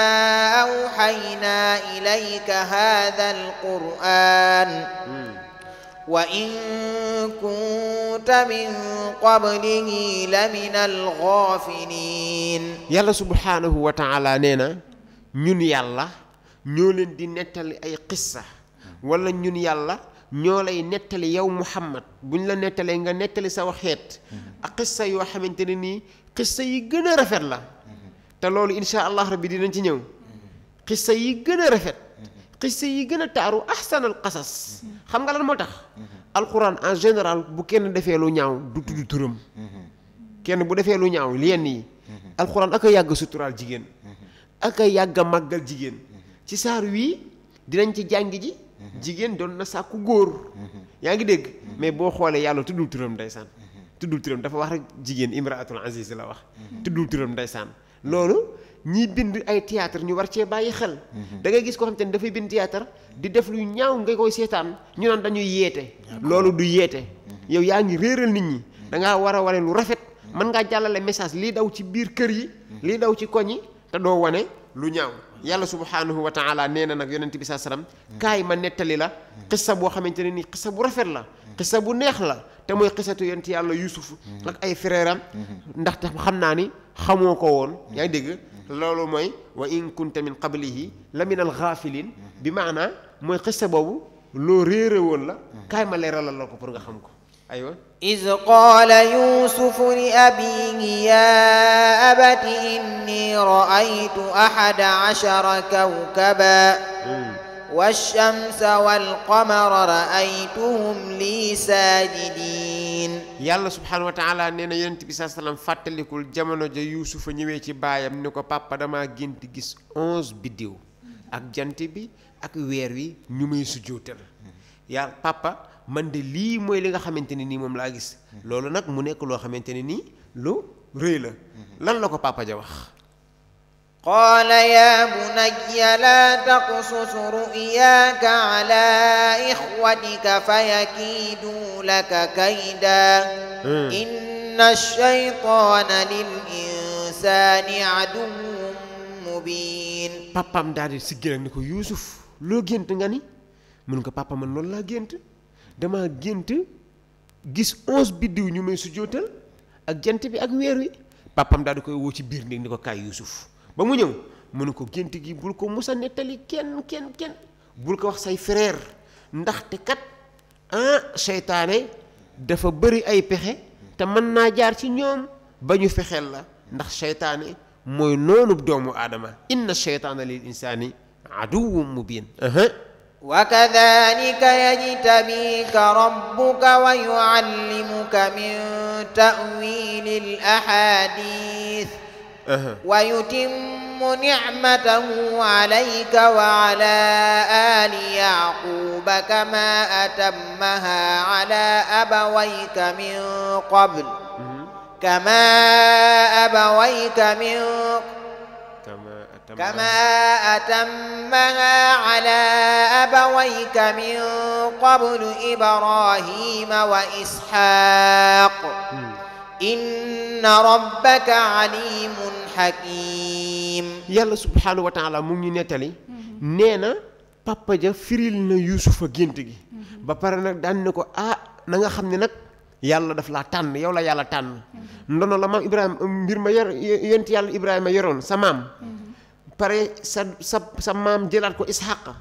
awxaynaa ilayka haada alquran وإن كنت من قبله لمن الغافلين yàlla subhaanahu wa nee na ñun yàlla ñoo leen di nettali ay qissa wala ñun yàlla ñoo lay nettali yow Muhammad buñ la nettalee nga nettali saw xeet ak qissa yoo xamante ne nii qissa yi gën a rafet la te loolu insha allah rabbi dinañ ci ñëw qissa yi gën a rafet qissa yi gën a taaru ahsanal qasas xam nga lan moo tax. alxuraan en général bu kenn defee lu ñaaw du tudd turam. kenn bu defee lu ñaaw yenn yi. alxuraan ak a yàgg suturaal jigéen. ak yàgg a màggal jigéen. ci saar wii dinañ ci jàng ji. jigéen doon na sàkku góor. yaa ngi dégg mais boo xoolee yàlla tuddul turam ndeysaan. tuddul turam dafa wax rek jigéen imraatul aziz la wax. tuddul turam ndeysaan loolu. ñi bind ay théâtre ñu war cee bàyyi xel. Mhm. da ngay gis ko xam te ne dafay bind théâtre di def luy ñaaw nga koy seetaan ñu naan dañuy yeete. loolu du yeete. Mhm. yow yaa ngi réeral nit ñi. Mhm. da ngaa war a wane lu rafet. mën ngaa jàllale message lii daw ci biir kër yi. lii daw ci koñ yi te doo wane lu ñaaw. yàlla subhaanahu wa taala nee na nag yonent bi saa salaam. kaay ma nettali la. xissa boo xamante ne nii xissa bu rafet la. xissa bu neex la te mooy xissatu yonent yàlla Yuusuf. ak ay frère ndaxte xam naa ni xamoo ko woon. yaa dégg loolu mooy wa in kunta min qablihi la min al xaafilin bi maanaa mooy xista boobu loo réere woon la kaay ma leeralal la ko pour nga xam ko aywa iz qaala yuusufu li abiihi yaa abati inni raaytu ahada ashara kawkaba hmm. والشمس والقمر رأيتهم لي ساجدين yàlla subhaanahu wa taala nee na yonent bi saa fàttalikul jamono ja yuusufa ñëwee ci baayam ni ko papa damaa gént gis onze biddiw ak jant bi ak weer wi ñu may sujjóotal yàlla papa man de lii mooy li nga xamante ni nii moom laa gis loolu nag mu nekk loo xamante ne nii lu rëy la mm-hmm. lan la ko papa ja wax قال يا بني لا تقصص رؤياك على إخوتك فيكيدوا لك كيدا إن الشيطان للإنسان عدو مبين papaam daal di siggil ak ni ko Yuusuf loo gént nga ni mun ko papa lool loolu laa gént dama gént gis onze biddiw ñu may sujjóotal ak jant bi ak weer wi papaam daal di koy woo ci biir néeg ni ko kaay Yuusuf ba mu ñëw mënu ko gént gi bul ko musa nettali kenn kenn kenn bul ko wax say frère ndaxte kat ah seytaane dafa bëri ay pexe te mën naa jaar ci ñoom ba ñu fexeel la ndax seytaane mooy noonu doomu aadama inna seytaana lil insaani aduwwun mubin wa kadhalika yajtabika rabbuka wa yuallimuka min ta'wilil ahadith ويتم نعمته عليك وعلى آل يعقوب كما أتمها على أبويك من قبل كما أبويك من كما أتمها على أبويك من قبل إبراهيم وإسحاق inna rabbaka alimun hakim yàlla subhaanahu wa mu ngi nettali nee na papa firil na yuusufa gént gi ba pare nag daan ne ko ah na nga xam ne nag yàlla daf laa tànn yow la yàlla tànn ndono la maam ibrahima um, mbir ma yor yonent yàlla ibrahima yoroon sa maam pare sa sa maam jëlaat ko ishaq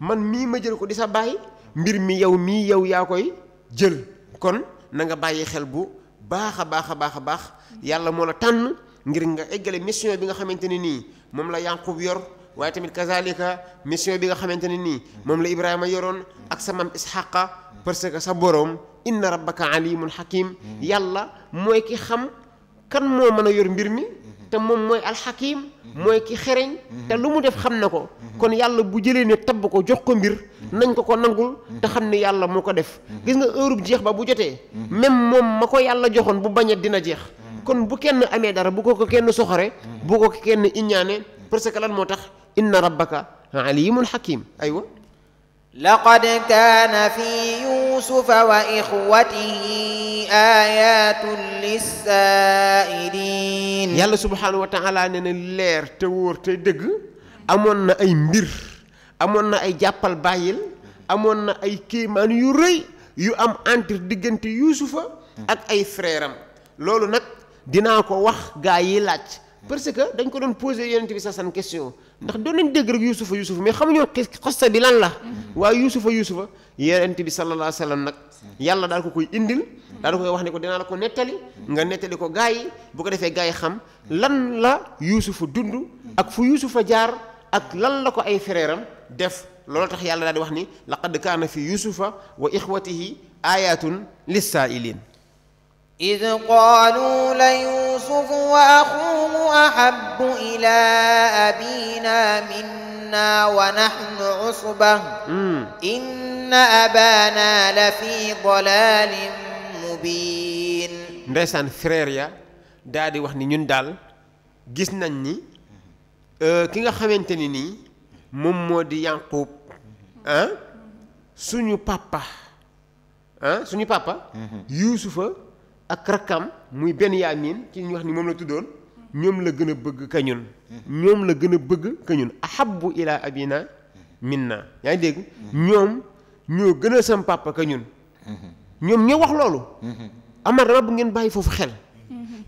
man mii ma jël ko di sa bàyyi mbir mi yow mii yow yaa koy jël kon na bàyyi xel bu baax a baax a baax a baax yàlla moo la tànn ngir nga éggale mission bi nga xamante ne nii moom la Yànqub yor waaye tamit kazalika mission bi nga xamante ne nii moom la Ibrahima yoroon ak sa maam Isxaqa parce que sa boroom inna rabbaka alimun hakim mm. yàlla mooy ki xam kan moo mën a yor mbir mi te moom mooy alxakim mooy kii xereñ te lu mu def xam ne ko kon yàlla bu jëlee ne tabb ko jox ko mbir nañ ko ko nangul te xam ne yàlla moo ko def gis nga heure jeex ba bu jotee même moom ma ko yàlla joxoon bu bañet dina jeex kon bu kenn amee dara bu ko ko kenn soxore bu ko ko kenn iññaane parce que lan moo tax inna rabbaka alimun hakim aywa لقد كان في يوسف وإخوته آيات للسائلين yàlla subhaanahu wa taala nee na leer te wóor te dëgg amoon na ay mbir amoon na ay jàppal bàyyil amoon na ay kéemaan yu rëy yu am entre diggante yuusufa ak ay freeram loolu nag dinaa ko wax gaa yi laaj parce que dañ ko doon posé yonent bi sa san question ndax doon nañ dégg rek yusufa yusufa mais xamuñoon xosta bi lan la mm-hmm. waaye yusufa yusufa yonent bi sallallahu alayhi wa nag yàlla daal ko koy indil daal koy wax ne ko dinaa la ko nettali nga nettali ko gaa yi bu ko defee gaa yi xam lan la yusufa dund ak fu yuusufa jaar ak lan la ko ay fereeram def loolu tax yàlla daal di wax ni laqad kaana fi yusufa wa ixwatihi ayatun lissaa'iliin wa قالوا ليوسف وأخوه أحب إلى أبينا منا ونحن عصبة إن أبانا لفي ضلال مبين ndeysaan frère ya daal wax ni ñun daal gis nañ ni euh, ki nga xamante ni moom moo di Yanqub ah suñu papa suñu papa mm-hmm. Yuusufa ak rakkam muy benn yaamin ci ñu wax ni moom la tuddoon ñoom la gën a bëgg ka ñun ñoom la gën a bëgg ka ñun ahabbu ila abina minna yaa ngi dégg ñoom ñoo gën a sam papa ka ñun ñoom ñoo wax loolu amaat dama bu ngeen bàyyi foofu xel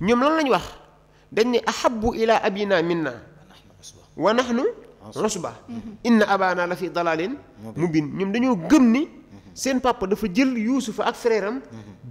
ñoom lan lañ wax dañ ne ahabbu ila abina minna wa nahnu usba inna abana la fi dalalin mubin ñoom dañoo gën ni seen papa dafa jël yuusufa ak frère am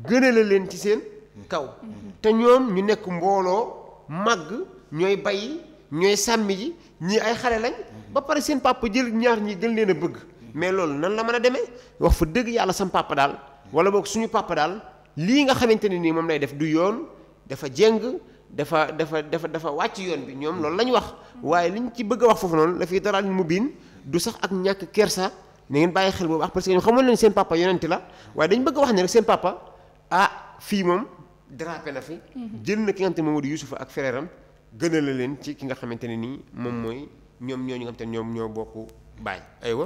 gënale leen ci seen kaw mhm. te ñoom ñu nekk mbooloo màgg ñooy bay ñooy sàmmi ji ñii ay xale lañ mhm. ba pare seen papa jël ñaar ñii gën leen a bëgg mhm. mais loolu nan la mën a demee wax fa dëgg yàlla sam daal wala boog suñu papa daal lii nga xamante ne nii moom lay def du yoon dafa jéng dafa dafa dafa dafa wàcc yoon bi ñoom loolu lañ wax waaye liñ ci bëgg a wax foofu noonu la fi dara mu biin du sax ak ñàkk kersa na ngeen bàyyi xel boobu wax parce que ñoom xamoon nañ seen papa yonente la waaye dañ bëgg a wax ne rek seen papa ah fii moom dérapé na fi. Mhm. jël na ki nga xamante moom moo di ak frère am gënal leen ci ki nga xamante ne nii moom mooy ñoom ñoo ñu nga xamante ñoom ñoo bokk baay aywa.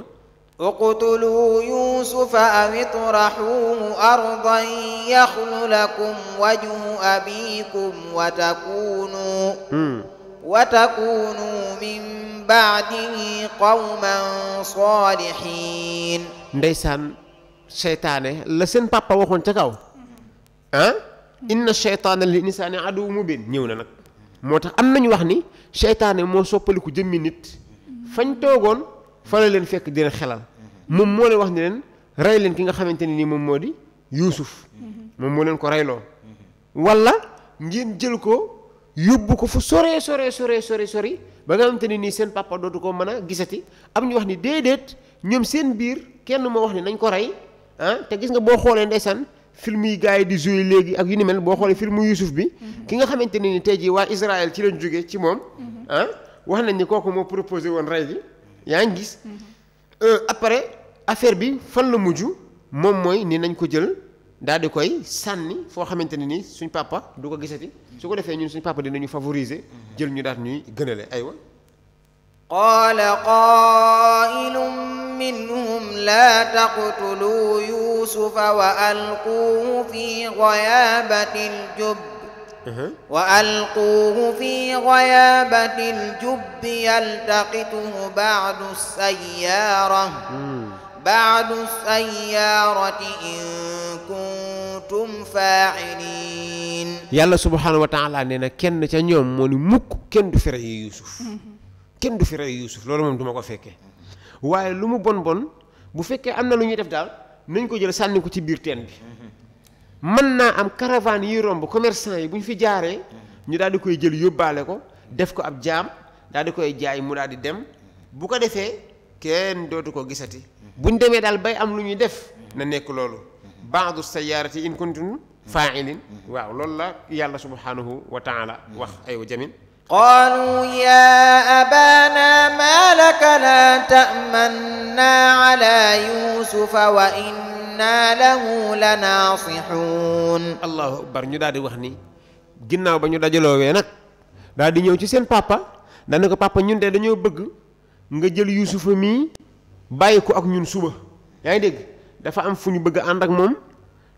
uqtuluu yuusufa aw itraxuuhu ardan yaxlu lakum wajhu abiikum wa hmm. min ba'dihi qawman saalihiin la seen papa ca kaw mhm. ah? inna seytaana li insaani aduwwun mubiin ñëw na nag moo tax am nañu wax ni seytaane moo soppaliku jëmmi nit fañ toogoon fa la leen fekk di xelal moom moo leen wax ni leen rey leen ki nga xamante ni nii moom moo di yuusuf moom moo leen ko reyloo walla ngeen jël ko yóbbu ko fu sore sore sore sore sori ba nga xamante ni nii seen papa dootu ko mën a gisati am ñu wax ni déedéet ñoom seen biir kenn moo wax ni nañ ko rey ah te gis nga boo xoolee ndeysaan film yi gars yi di joué léegi ak yu ni mel boo xoolee film Youssouf bi. Mhm. ki nga xamante ne ni tey jii waa Israël ci lañ jógee ci moom. Mhm. ah wax nañ ni kooku moo proposé woon rey gi yaa ngi gis. Mhm. Euh, après affaire bi fan la mujj moom mooy ni nañ ko jël daal di koy sànni foo xamante ne ni suñ papa du ko gisati su ko defee ñun suñ papa dinañu favoriser jël ñu daal ñuy gënale aywa. qaala qaa'ilun منهم لا تقتلوا يوسف وألقوه في غيابة الجب وألقوه في غيابة الجب يلتقطه بعد السيارة بعد السيارة إن كنتم فاعلين yàlla subhaanahu wa taala nee na kenn ca ñoom moo ni mukk kenn du fi rey Yuusuf kenn du fi rey Yuusuf loolu moom duma ko fekkee waaye lu mu bon bon bu fekkee am na lu ñuy def daal nañ ko jël sànni ko ci biir teen bi mm-hmm. mën naa am caravane yi romb commerçant yi bu ñu fi jaaree mm-hmm. ñu daal di koy jël yóbbaale ko def ko ab jaam daal di koy jaay mu daal di dem bu ko defee kenn dootu ko gisati mm-hmm. buñ demee daal bay am lu ñuy def na nekk loolu baadu ci in kuntum faailin waaw loolu la yàlla subhanahu wa taala wax aywa jamin قالوا يا أبانا ما لك لا تأمنا على يوسف وإنا له لناصحون الله أكبر ñu daal di wax ni ginnaaw ba ñu dajaloowee nag daal di ñëw ci seen papa daana ko papa ñun de dañoo bëgg nga jël Yuusufa mii bàyyi ko ak ñun suba yaa ngi dégg dafa am fu ñu bëgg ànd ak moom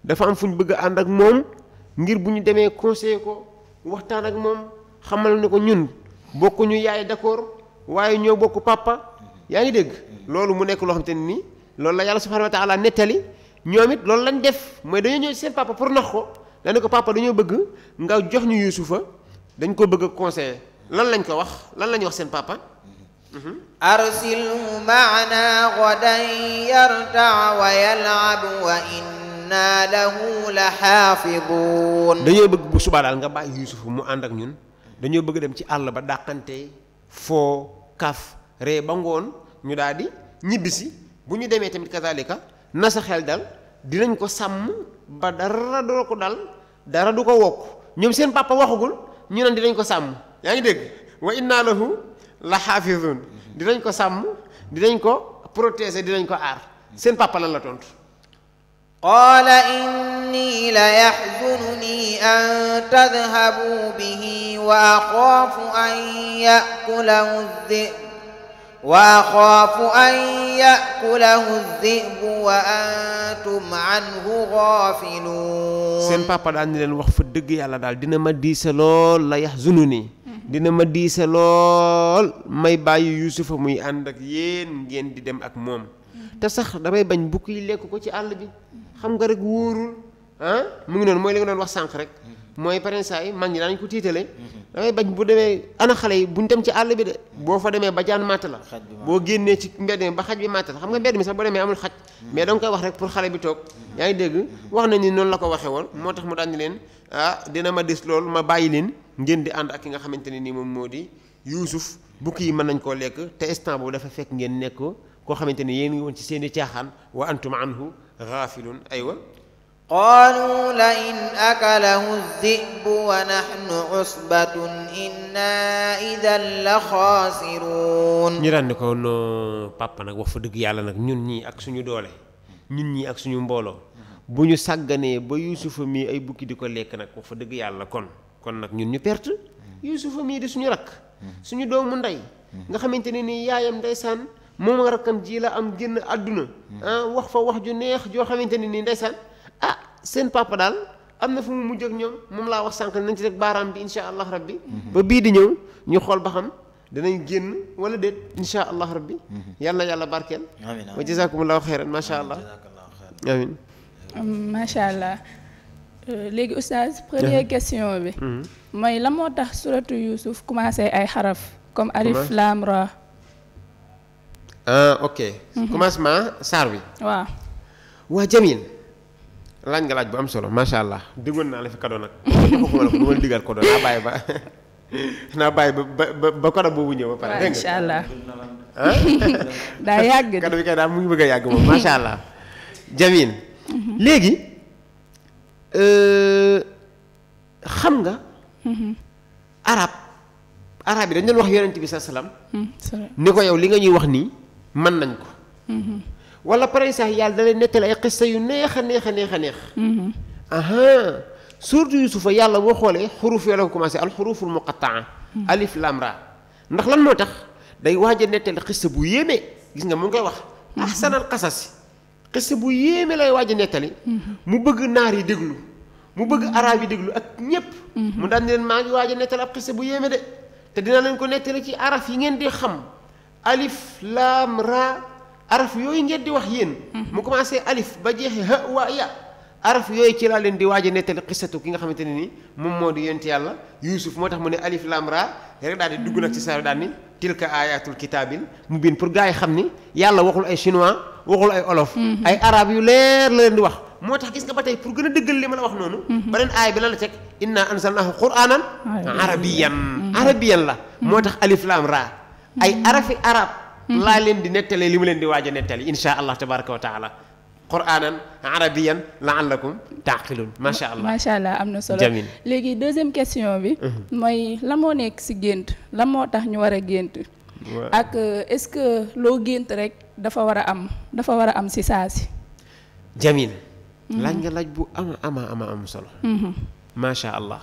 dafa am fu ñu bëgg ànd ak moom ngir bu ñu demee conseiller ko waxtaan ak moom xamal ni ko ñun bokkuñu yaay d'accord waaye ñoo bokk papa yaa ngi dégg loolu mu nekk loo xam te nii loolu la yàlla subhanahu wa taala nettali ñoom it loolu lañu def mooy dañoo ñëw seen papa pour nax ko dañu ko papa dañoo bëgg nga jox ñu yuusufa dañ ko bëgg a lan lañ ko wax lan lañ wax seen papa mhm. arsilhu maana gadan yarta wa yalab wa inna lahu la xaafidun dañoo bëgg bu subaa daal nga bàyyi yuusufa mu ànd ak ñun dañoo bëgg a dem ci àll ba dàqante foo kaf ree ba ngoon ñu daal di ñibbisi bu ñu demee tamit kazalika na sa xel dal dinañ ko sàmm ba dara doo ko dal dara du ko wokk ñoom seen papa waxagul ñu naan dinañ ko sàmm yaa ngi dégg wa inna lahu la xaafizun dinañ ko sàmm dinañ ko protéger dinañ ko aar seen papa lan la tontu. قال إني ليحزنني أن تذهبوا به وأخاف أن يأكله الذئب وأخاف أن يأكله الذئب وأنتم عنه غافلون seen papa daal ni leen wax fa dëgg yàlla daal dina ma diise lool la yax zunu nii dina ma diise lool may bàyyi Yuusufa muy ànd ak yéen ngeen di dem ak moom te sax damay bañ bukki lekk ko ci àll bi xam nga rek wóorul ah mu ngi noonu mooy li nga doon wax sànq rek mooy parents yi mag ñi daan ko tiitale mhm. dangay bañ bu demee ana xale yi buñ dem ci àll bi de mhm. boo fa demee ba jaan màtt la boo génnee ci mbedd mi ba xaj bi màtt la xam nga mbedd mi sax boo demee amul xaj mhm. mais da koy wax rek pour xale bi toog yaa ngi dégg wax na ni noonu la ko waxee woon moo tax mu daan leen ah dina ma dis loolu ma bàyyi leen ngeen di ànd ak ki nga xamante ne nii moom moo di Yuusuf bukki yi mën nañ koo lekk te instant boobu dafa fekk ngeen nekk koo xamante ni yéen ngi woon ci seen i caaxaan wa antum anhu غافل أيوة قالوا لئن أكله الذئب ونحن عصبة إنا إذا لخاسرون ñu daan ne ko non papa nag wax fa dëgg yàlla nag ñun ñii ak suñu doole ñun ñii ak suñu mbooloo bu ñu sàgganee ba yuusufa mii ay bukki di ko lekk nag wax fa dëgg yàlla kon kon nag ñun ñu perte yuusufa mii di suñu rakk suñu doomu ndey nga xamante ne nii yaayam ndeysaan moom rakkam jii la am génn àdduna ah, wax fa wax ju neex joo xamante ne nii ndeysaan a ah, seen papa daal am na fu mu mujj ak ñoom moom laa wax sànq nañ ci rek baaraam bi incha allah rabbi mhm. ba bii di ñëw ñu xool ba xam danañ génn wala déet incha allah rabbi mhm. yàlla yàlla barkeel wa jazakumullahu xeyran macha allah amin macha allah euh, léegi oustaz [laughs] première question bi mhm. mooy la moo tax suratu Yuusuf commencé ay xaraf comme alif laam ra ah ok. Mhm. commencement saar wi. waaw. waa Jamil. laaj nga laaj bu am solo macha allah déggoon naa la fi kado nag. joxuma [laughs] la ko du ma digal kado naa bàyyi ba [laughs] naa bàyyi ba ba ba kado boobu ñëw ba pare. dégg nga incha allah [laughs] ah. daa yàgg de kado bi kay daal mu ngi bëgg a yàgg moom macha allah. Jamil. Mhm. léegi euh, xam nga. Mhm. arab arab yi dañu doon wax yonent bi sa salaam. ni ko yow li nga ñuy wax nii. man lañ ko wala pare yàlla da lay nettali ay xista yu neex a neex a neex a neex aha surtout yàlla boo xoolee xuruf la ko commencé al xuruful muqattaa alif lam ra ndax lan moo tax day waaj a nettali xista bu yéeme gis nga mu ngay wax ahsanal qasasi xista bu yéeme lay waaj a nettali mu bëgg naar yi déglu mu bëgg arab yi déglu ak ñépp mm-hmm. mu daan leen maa ngi waaj a nettali ab xista bu yéeme de te dina leen ko nettali ci araf yi ngeen di xam alif laam raa araf yooyu ngeen di wax yéen mhm. mu commencé alif ba jeexee ha waa ya araf yooyu ci laa leen di waaj a nettali xisatu ki nga xamante ne nii moom moo di yonent yàlla yuusuf moo tax mu ne alif laam raa rek daal di dugg nag ci saa daal ni tilka ayatul kitaabil mubin pour gars yi xam ni yàlla waxul ay chinois waxul ay olof mhm. ay arab yu leer la leen di wax moo tax gis nga ba tey pour gën a dëggal li ma la wax noonu mhm. beneen aaya bi lan la teg inna anzalnahu la moo tax alif ay arafi arab mm-hmm. laa leen di nettalee li mu leen di waaj a nettali insha allah tabaraka wa taala quranan arabiyan laallakum taqilun macha allah macha allah am na solo jamin léegi deuxième question bi mm-hmm. mooy la moo nekk si gént la moo tax ñu war a gént ak euh, est-ce que loo gént rek dafa war a am dafa war a am si saa si jamin mm-hmm. laaj nga laaj bu ama ama ama am solo macha allah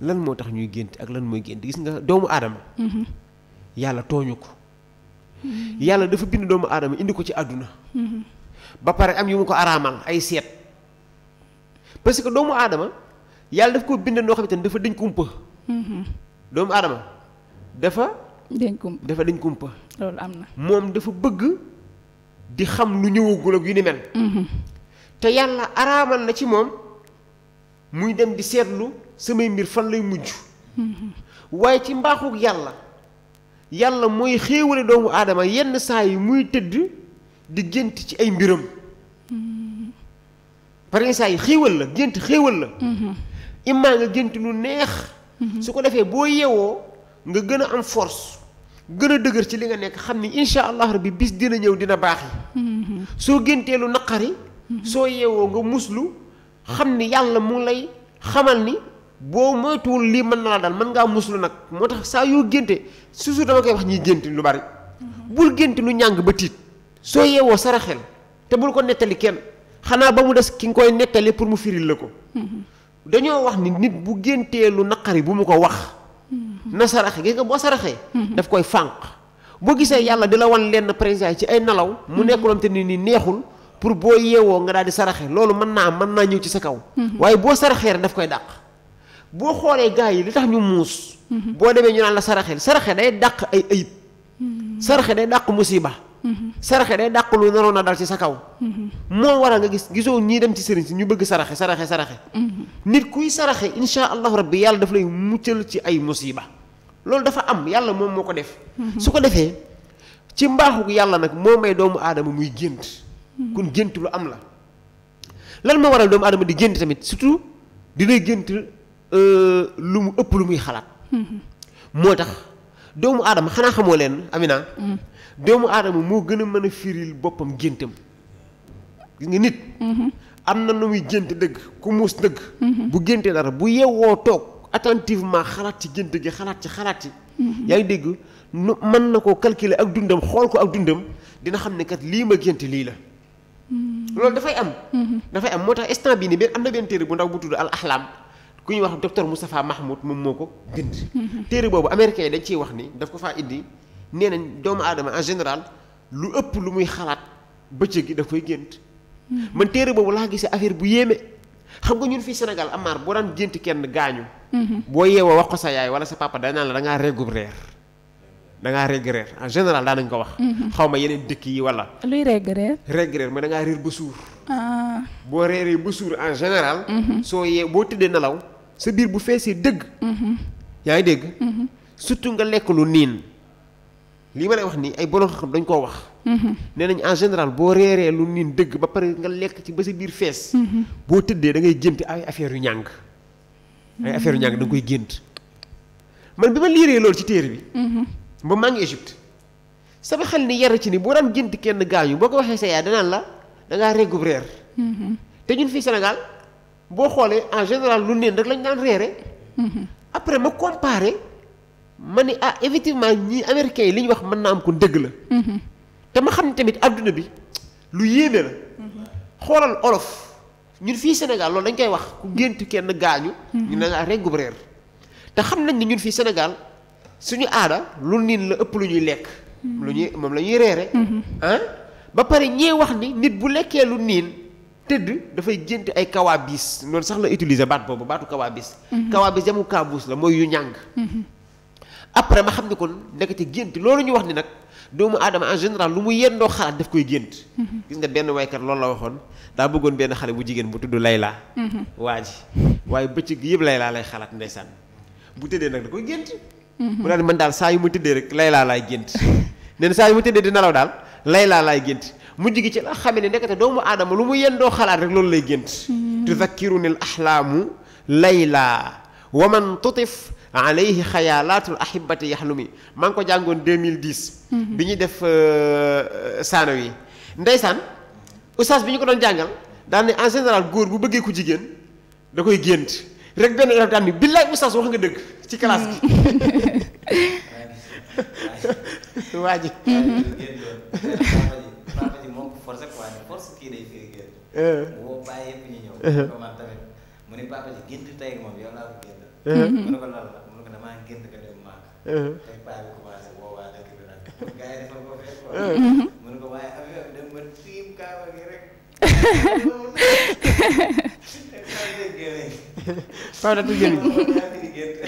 lan moo tax ñuy gént ak lan mooy gént gis nga doomu aadama yàlla tooñu ko yàlla dafa bind doomu aadama indi ko ci àdduna ba pare am yu mu ko araamal ay seet parce que doomu aadama yàlla daf ko bind noo xamante ne dafa dañ kumpa doomu aadama dafa dañ kumpa dafa dañ kumpa loolu am na moom dafa bëgg di xam lu ñëwagul ak yu ni mel te yàlla araamal na ci moom muy dem di seetlu samay mbir fan lay mujj waaye ci mbaaxug yàlla yàlla mooy xéewale doomu aadama yenn saa yi muy tëdd di gént ci ay mbiram par saa yi xéewal la gént xéewal la immaa nga gént lu neex su ko defee boo yeewoo nga gën a am force gën a dëgër ci li nga nekk xam ni incha allah rabbi bis dina ñëw dina baax yi soo géntee lu naqari soo yeewoo nga muslu xam ni yàlla mu lay xamal ni boo moytuwul lii mën na laa daal mën ngaa muslu nag moo tax saa yoo génte toujours dama koy wax ñiy génti lu bari bul génti lu ñàng ba tiit soo yeewoo saraxeel te bul ko nettali kenn xanaa ba mu des ki nga koy nettali pour mu firil la ko dañoo wax ni nit bu géntee lu naqari bu mu ko wax na saraxe gis nga boo saraxee daf koy fànq boo gisee yàlla di la wan lenn président ci ay nelaw mu mhm. nekkuloon te ni nii neexul pour boo yeewoo nga daal di loolu mën naa mën naa ñëw ci sa kaw mhm. saraxee boo xoolee gars yi li tax ñu muus. Mhm. boo demee ñu naan la saraxeel saraxe day dàq ay ayib. Mhm. saraxe day dàq musiba. Mhm. saraxe day dàq lu naroon a dal ci sa kaw. moo waral nga gis gisoo ñii dem ci sëriñ si ñu bëgg saraxe saraxe saraxe. nit kuy saraxe insha allahu bi yàlla daf lay muccal ci ay musiba. loolu dafa am yàlla moom moo ko def. su ko defee ci mbaaxu yàlla nag moo may doomu aadama muy gént. kon gént lu am la. lan moo waral doomu aadama di gént tamit surtout di lay Euh, lu mu ëpp lu muy xalaat. moo tax doomu aadama xanaa xamoo leen Amina. doomu aadama moo gën a mën a firil boppam géntam gis nga nit. am na nu muy gént dëgg ku muus dëgg. bu génte dara bu yewwoo toog attentivement xalaat ci gént gi xalaat ci xalaat yi yaa ngi dégg nu mën na ko calculer ak dundam xool ko ak dundam dina xam ne kat lii ma gént lii la. loolu dafay am. dafay am moo tax instant bii nii benn am na benn téere bu ndaw bu tudd al axlaam. ku ñuy wax docteur Moustapha Mahmoud moom moo ko bind. téere boobu américain yi dañ ciy wax ni daf ko faa indi nee nañ doomu aadama en général lu ëpp lu muy xalaat bëccëg gi daf koy gént. man téere boobu laa gisee affaire bu yéeme xam nga ñun fii senegal amaar boo daan gént kenn gaañu. boo yeewoo wax ko sa yaay wala sa papa dañ naan la da ngaa regub reer da ngaa regg reer en général daanañ ko wax. xaw ma yeneen dëkk yi wala. luy regg reer. regg reer mooy ah. boo reeree ba suur en général. Mhm. soo yee boo tëddee nelaw. sa biir bu feesee dëgg. Mm-hmm. yaa ngi dégg. Mm-hmm. surtout nga lekk lu niin lii ma lay wax nii ay borom xam dañ koo wax. Mm-hmm. nee nañ en général boo reeree lu niin dëgg ba pare nga lekk ci ba sa biir fees. boo tëddee da ngay gént ay affaire yu ñàng. ay affaire yu ñàng da nga koy gént. man bi ma liiree loolu ci téere bi. ba maa ngi Égypte. sama xel ni yar ci ni boo daan gént kenn gaañu boo ko waxee sa yaay danaan la da ngaa te ñun fii Sénégal. boo xoolee en général lu neen rek lañ daan reere mhm. après ma comparé ma ni ah effectivement ñii américains yi li ñu wax mën na am ko dëgg la mhm. te ma xam ne tamit adduna bi lu yéeme la mhm. xoolal olof ñun fii Sénégal loolu dañ koy wax ku gént kenn gaañu ñu ne ngaa reggub reer te xam nañ ni ñun fii Sénégal suñu aada lu niin la ëpp lu ñuy lekk lu ñuy moom la ñuy reere ah ba pare ñee wax ni nit bu lekkee lu niin tëdd dafay gént ay kawaabis noonu sax la utiliser baat boobu baatu kawaabis. Mhm. kawaabis jamu kaabuus la mooy yu ñàng. Mhm. après ma xam ni kon nekkati gént loolu ñu wax ni nag doomu aadama en général lu mu yendoo xalaat daf koy gént. Mhm. gis nga benn waykat loolu la waxoon daa bëggoon benn xale bu jigéen bu tudd Layla. waa ji waaye bëccëg yëpp Layla lay xalaat ndeysaan bu tëddee nag da koy gént. mu daal man daal saa yu ma tëddee rek Layla laay gént [laughs] nee na saa yu ma tëddee di nelaw daal mu gi ci la xamee ne nekkate doomu aadama lu mu yendoo xalaat rek loolu lay gént hmm. tuzakkiruni l axlaamu layla wa man tutif alayhi xayalaatul ahibati yaxlumi maa ngi ko jàngoon 2010 hmm. bi ñuy def euh, euh, saano yi ndeysaan oustaz bi ñu ko doon jàngal daan en général góor bu bëggee ko jigéen da koy gént rek benn élève daan ni billaay oustaz wax nga dëgg ci classe bi hmm. [laughs] waa ji [laughs] force ak waaye force kii day firi gént. bu eh. boobaa yëpp ñu ñëw. comment eh. tamit mu ne papa ji gént tey moom yow laa ko gént. Eh. mu ne ko lan la mu ne ko damaa gént nga dem màgg. tey paa bi commencé boobaa dëkk bi nag gars yi defal ko fekk quoi. mu ne ko waaye avion bi dem ba tiim kaaba gi rek. Paa da du génn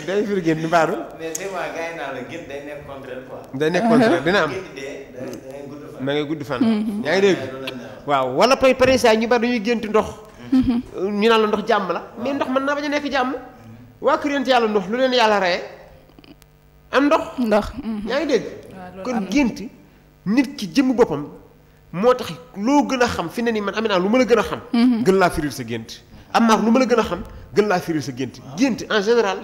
day firi génn mbaadu. mais c'est vrai gars yi naa la gént day nekk contraire quoi. day nekk contraire dina am. ma gudd fan. Mm-hmm. yaa dégg waaw wala pare pare saa ñu bari dañuy gént ndox. Mm-hmm. ñu naan la ndox jàmm la mais ndox mën naa bañ a nekk jàmm. waa kër yonent yàlla ndox lu leen yàlla reye am ndox. ndox mm-hmm. yaa ngi dégg. kon gént nit ki jëmm boppam moo tax loo gën a xam fi ne nii man am naa lu ma la gën a xam. gën laa firil sa gént. am naa lu ma la gën a xam gën laa firil sa gént. gént en général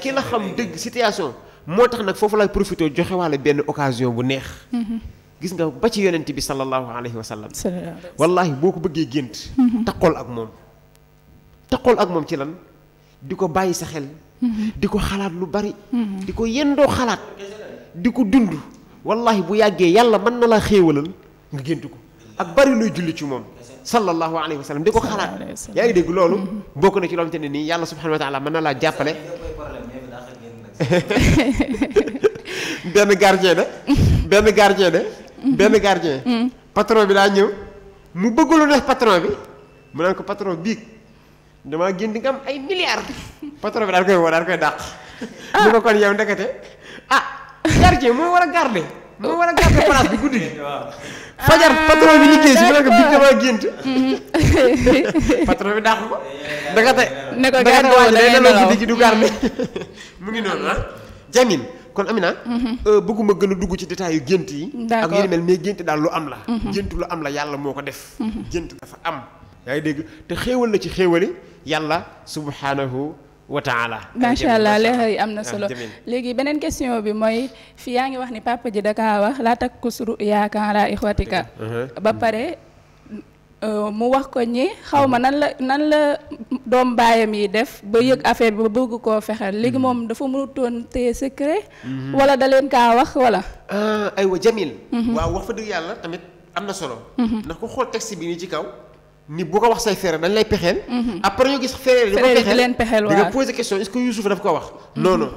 ki la xam dëgg situation moo tax nag foofu laay profité joxe waale benn occasion bu neex. gis nga ba ci yonent bi sallallahu alayhi wa sallam wallahi boo ko bëggee gént mhm. taxol ak moom taqool ak moom ci lan di ko bàyyi sa xel mhm. di ko xalaat lu bari mhm. di ko yendoo xalaat di ko dund wallahi bu yàggee yàlla mën na laa xéewalal nga gént ko ak bari luy julli ci moom sallallahu alayhi wa di ko xalaat yaa ngi dégg loolu bokk na ci loo xamante ne nii yàlla subhanahu wa taala mën na laa jàppale [laughs] benn gardien de benn gardien de [laughs] benn gardien. Mm. patron bi daa ñëw mu bëgg lu neex patron bi mu naan ko patron biig damaa génn nga am ay milliards [laughs] patron bi daal koy woo daal koy [laughs] ah. ah, moo war a garder. moo war a garder bi guddi gi. Ah, mu ji mm-hmm. du garder mu ngi noonu ah jamin. kon Amina. Mhm. Euh, bëgguma gën a dugg ci détails yu gént yi. ak yéen mel mais gént daal lu am la. Mhm. gént lu am la yàlla moo ko def. Mhm. gént dafa am. yaa ngi dégg te xéewal la ci xéewali yàlla subhanahu wa taala. macha allah leer yi am na solo léegi beneen question bi mooy fii yaa ngi wax ni papa ji da wax laa takk kusuru yaa kan laa ixwatika ba pare. Euh, mu wax ko ñi xaw ma nan la nan la doom baayam yi def ba mm-hmm. yëg affaire bi ba bëgg koo fexeel léegi mm-hmm. moom dafa mënutoon te secret. Mm-hmm. wala da leen kaa wax wala. Euh, aywa Jamil. waaw wax fa dëgg yàlla tamit am na solo. ndax ku xool texte bi nii ci kaw. ni boo ko wax say frère dañ lay pexeel. après ñoo gis frère yi di leen pexeel waaw di nga posé question est ko wax. non non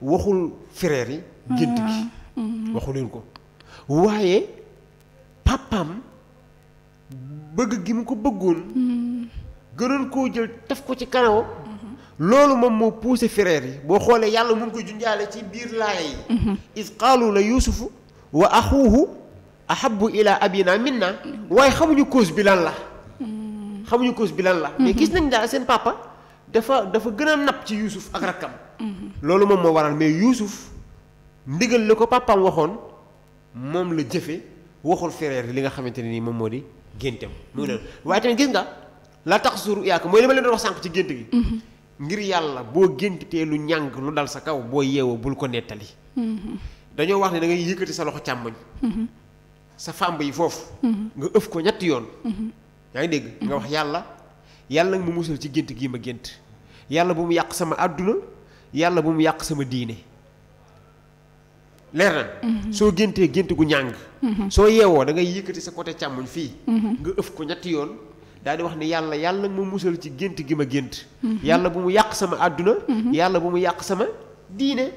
waxul frère yi. gént gi waxu ko waaye papam bëgg gi mu ko bëggoon. Mm-hmm. gënoon koo jël taf ko ci kanamam. Mm-hmm. loolu moom moo poussé frère yi boo xoolee yàlla mu ngi ko junjaale ci biir laaya yi. Mm-hmm. is qaalu la yuusufu wa axuuhu ahabbu ila abina minna waaye xamuñu koos bi lan la. xamuñu cause bi lan la. mais gis nañ daal seen papa dafa dafa gën a napp ci yuusuf ak rakkam. loolu moom moo waral mais yuusuf ndigal la ko papaam waxoon moom la jëfe waxul frère li nga xamante ne nii moom moo di. géntam mu ne waaye tamit gis nga la tax suuru yaaka mooy li ma leen doon wax sànq ci gént gi mhm. ngir yàlla boo géntitee lu ñàng lu dal sa kaw boo yeewoo bul ko nettali mhm. dañoo wax ne da ngay yëkkati sa loxo càmmoñ mhm. sa fàmb yi foofu nga ëf ko ñetti yoon yaa ngi dégg nga wax yàlla yàlla nga mu musal ci gént gi ma gént yàlla bu mu yàq sama àdduna yàlla bu mu yàq sama diine leer na mhm. soo géntee gént gu ñàng mhm. soo yeewoo da ngay yëkkati sa côté càmmuñ fii mhm. nga ëf ko ñetti yoon daal di wax ni yàlla yàlla ma musal ci gént gi ma gént yàlla bu mu yàq sama àdduna yàlla bu mu yàq sama diine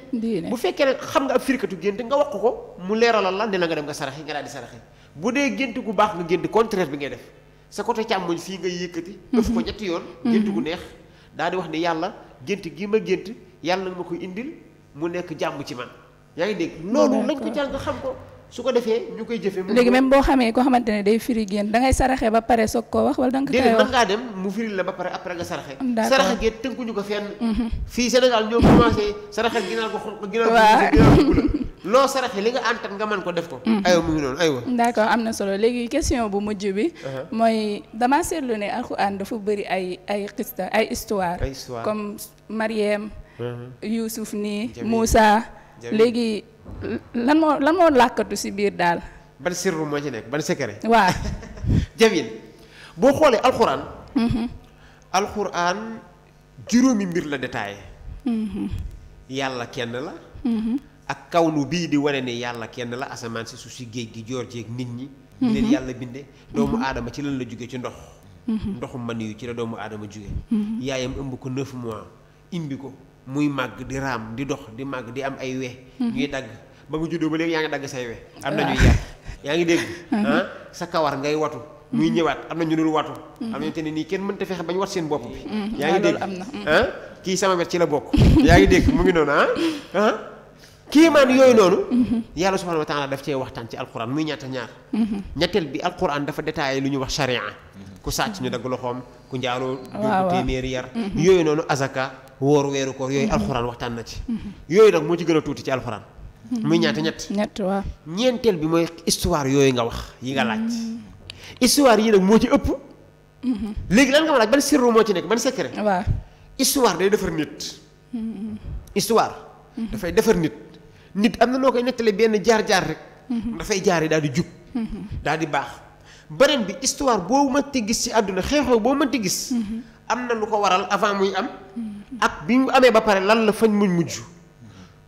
bu fekkee ne xam nga ab firkatu nga wax ko mu leeralal la ne la nga dem nga saraxi nga daal di saraxi bu dee gént gu baax nga gént contraire bi ngay def sa côté càmmoñ fii ngay yëkkati ëf ko ñetti yoon gént gu neex daal di wax ni yàlla gént gi ma gént yàlla nga ma koy indil mu nekk jàmm ci man yaa ngi dégg loolu nañ ko jàng xam ko su ko defee ñu koy jëfee. léegi même boo xamee ko xamante ne day firi génn da ngay saraxe ba pare soog koo wax da nga koy wax déedéet ngaa dem mu firi la ba pare après nga ko fenn. Mhm. fii Sénégal ñoo commencé saraxe ginaar loo saraxe li nga nga mën ko def ko. Mhm. aywa mu ngi noonu am na solo léegi question bu mujj bi. Uh-huh. mooy damaa seetlu ne alxuraan dafa bëri ay ay xista ay histoire. comme Mariem. Uh-huh. Youssouf nii Moussa. léegi lan moo lan moo làkkatu si biir daal. ban sirru moo ci nekk ban secret. waa [laughs] Jamil boo xoolee alxuraan. Mm-hmm. alxuraan juróomi mbir la détaillé. Mm-hmm. yàlla kenn la. Mm-hmm. ak kawnu bii di wane ni yàlla kenn la asamaan si suuf si géej gi joor jeeg nit ñi. di leen yàlla binde doomu aadama ci lan la jóge ci ndox. ndoxu man yu ci la doomu aadama jóge yaayam ëmb ko neuf mois imbi ko. muy màgg di raam di dox di màgg di am ay we mhm. ñuy dagg ba mu juddoo ba léegi yaa ngi dagg say we am na ah. ñuy yar yaa ngi dégg mhm. ah, sa kawar ngay watu muy mhm. ñëwaat am na ñu dul watu am ne nii kenn mënta fexe bañ wat seen bopp bi yaa ngi dégg ah, kii sama wet ci la bokk yaa ngi dégg mu ngi noonu ah yooyu noonu yàlla subhanahu wa daf cee waxtaan ci alquran muy ñaata ñaar ñetteel bi alquran dafa détaillé lu ñuy wax charia ku sàcc ñu dagg loxoom ku njaaloo téeméeri yar yooyu noonu azaka woor weeru koor yooyu alxuraan waxtaan na ci. yooyu nag moo ci gën a tuuti ci alxuraan. muy ñaata ñett ñett waa ñeenteel bi mooy histoire yooyu nga wax yi nga laaj. Mm-hmm. histoire yi nag moo ci ëpp. Mm-hmm. léegi lan nga ma laaj ban sirru moo ci nekk ban secret. waaw histoire day defar nit. Mm-hmm. histoire. dafay defar nit. nit am na noo koy nettali benn jaar jaar rek. dafay jaaree daal di jub. daal di baax beneen bi histoire boo mënti gis ci àdduna xew-xew boo mënti gis. am na lu ko waral avant muy am ak bi mu amee ba pare lan la fañ muñ mujj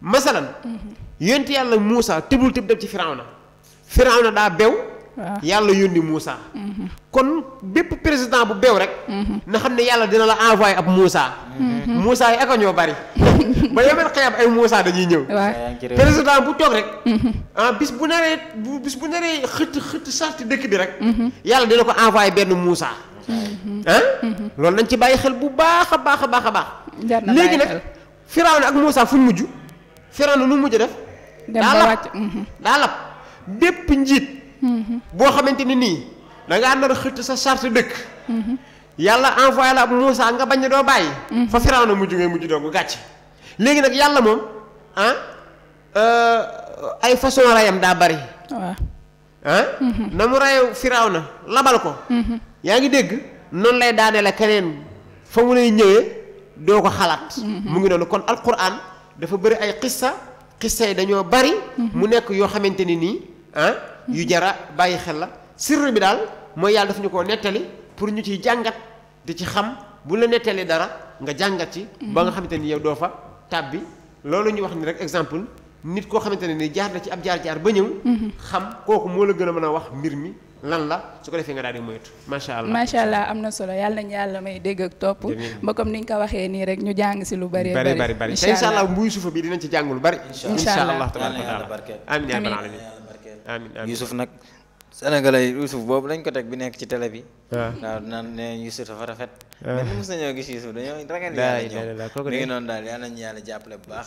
masalan yonent yàlla Moussa tëbul tëb dem ci Firawna na daa bew yàlla yónni Moussa kon bépp président bu beew rek na xam ne yàlla dina la envoyé ab Moussa Moussa yi ak ñoo bari [laughs] ba yomen xeyam ay Moussa dañuy ñëw président bu toog rek mhm. ah bis bu bu bis bu naree xëtt xëtt sarti dëkk bi rek mhm. yàlla dina ko envoyé benn Moussa ah loolu nañ ci bàyyi xel bu baax a baax a baax a baax léegi nag Firawna ak Muusa fu ñu mujj Firawna lu mujj def daa lap mhm. daa lap bépp njiit mhm. boo xamante ni nii da ngaa nar a xëtt sa charte dëkk mhm. yàlla envoyé la ab Muusa nga bañ doo bàyyi fa Firawna mujj ngay mujj doogu gàcce léegi nag yàlla moom ah euh, ay façon rayam daa bari waaw ah na mu rey Firawna labal ko yaa ngi dégg noonu lay daane la keneen fa mu lay ñëwee doo ko xalaat mu ngi noonu kon alquran dafa bëri ay xissa xissa yi dañoo bari mu nekk yoo xamante ni nii ah yu jara bàyyi xel la sirr bi daal mooy yàlla daf ñu ko nettali pour ñu ciy jàngat di ci xam bu la nettalee dara nga jàngat ci ba nga xamante ni yow doo fa tàbbi loolu ñu wax ni rek exemple nit koo xamante ne ni jaar na ci ab jaar-jaar ba ñëw. xam kooku moo la gën a mën a wax mbir mi lan la su ko defee nga daal di moytu macha allah. macha allah am na solo yàlla nañu yàlla may dégg ak topp. ba comme ni nga ko waxee nii rek ñu jàng si lu bari. bari bari bari te incha allah mbuy jàng lu bari. incha allah tabaaraka taala amiin amiin amiin amiin Yusuf nag. Sénégalais Yusuf boobu dañ ko teg bi nekk ci télé bi. Ah. waaw naan ne Yusuf dafa rafet. mais ni mos nañoo gis Youssouf dañoo ragal yàlla ñëw mi ngi noonu daal yàlla nañu yàlla jàppale bu baax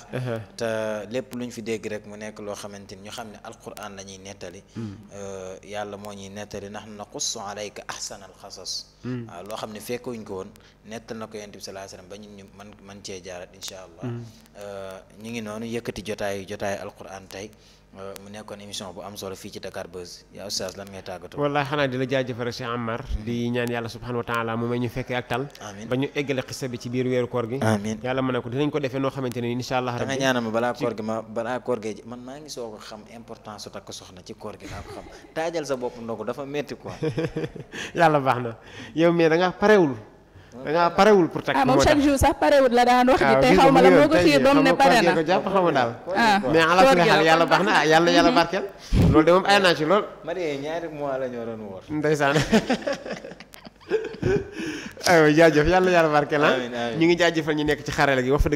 te lépp luñ fi dégg rek mu nekk loo xamante ni ñu xam ne alquran la ñuy nettali hmm. euh, yàlla moo ñuy nettali ndax naqussu alayka ahsana al xasas hmm. waaw loo xam ne fekk wuñ ko woon nettal na ko yonent bi sallallahu alayhi wasallam ba ñu ñu man man cee jaarat insha allah hmm. euh, ñu ngi noonu yëkkati jotaayu jotaayu alquran tey Euh, mu nekkoon émission bu am solo fii ci Dakar Buzz yaa oustaz lan ngay tàggatoo. wallaahi xanaa di la jaajëfal Cheikh Amar. di ñaan yàlla subhanahu wa taala mu may ñu fekkee ak tal. ba ñu eggale xisa bi ci biir weeru koor gi. yàlla mën na ko dinañ ko defee noo xamante ne incha allah. rabbi da nga ñaanal balaa koor gi ma balaa koor gi man maa ngi soog a xam importance su takk soxna ci koor gi laa ko xam taajal sa bopp ndogu dafa métti quoi. [laughs] yàlla baax na da ngaa parewul pour takk. ah moom chaque jour sax parewul la daan wax. waaw gis nga mu ngi ko xiir doom ne pare na ko jàpp xaw ma daal. ah xaal ah. yàlla baax na ah yàlla yàlla barkeel. [laughs] loolu de moom ay naa ci lool. ma ne ñaari la ñu waroon woor. [laughs] aywa jaajëf yàlla yàlla barke ah. la lañ wax fa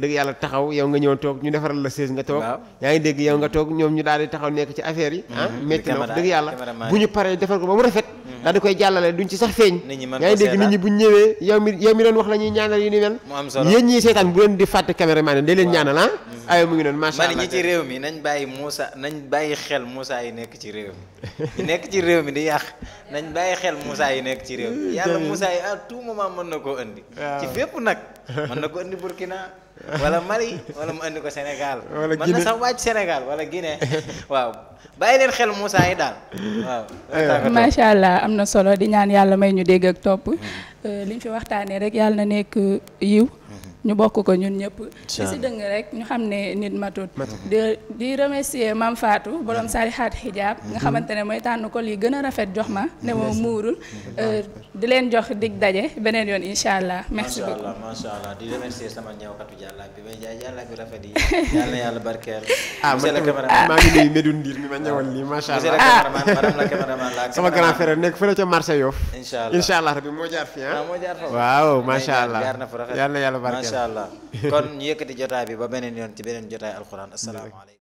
dëgg yàlla taxaw yow nga ñëw toog ñu defaral la sées nga toog yaa ngi dégg yow nga toog ñoom ñu daal di taxaw nekk ci affaire yi ah métti mm-hmm. na wax dëgg yàlla bu ñu paree defar ko ba mu rafet mm-hmm. daal di koy jàllale duñ ci sax feeñ yaa ngi dégg nit ñi bu ñu ñëwee yow mi yow mi doon wax la ñuy ñaanal yu ni mel yéen ñii seetaan bu leen di fàtte caméraman day leen ñaanal ah mm-hmm. aywa mu ngi noonu macha ñi ci réew mi nañ bàyyi Moussa nañ yi nekk ci réew mi nekk ci réew mi di xel yi nekk ci réew hmm, yàlla Moussa yi à tout moment mën na koo indi ci fépp nag mën na ko indi Burkina wala Mali wala mu indi ko Sénégal mën na sax wàcc Sénégal wala Guinée waaw bàyyi leen xel Moussa yi daal waaw macha allah am na solo di ñaan yàlla may ñu dégg ak topp hmm. euh, liñ fi waxtaanee rek yàlla na nekk yiw ñu bokk ko ñun ñëpp di si dëng rek ñu xam ne nit matut di di remercier Mame Fatou borom mm. Salihat Hijab nga mm-hmm. xamante ne mooy tànn ko lii gën a rafet jox ma ne ma muurul mm-hmm. euh, di leen jox dig daje beneen yoon incha allah merci beaucoup macha di sama ñëwkatu jàllaak bi may jaay jàllaak yi [laughs] yal na ah, maa ngi nuyu ma ñëwal lii macha allah monsieur le cameraman madame la ah. cameraman [laughs] grand frère nekk fële ca marché Yoff incha allah incha rabbi moo jaar fi ah. ah moo waaw macha allah yal yàlla barkeel incha allah [laughs] kon ñu yëkkati jotaay bi ba beneen yoon ci beneen jotaay alquran asalaamaaleykum